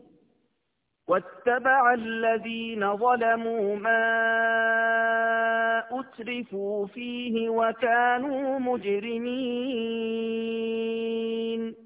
A: واتبع الذين ظلموا ما أترفوا فيه وكانوا مجرمين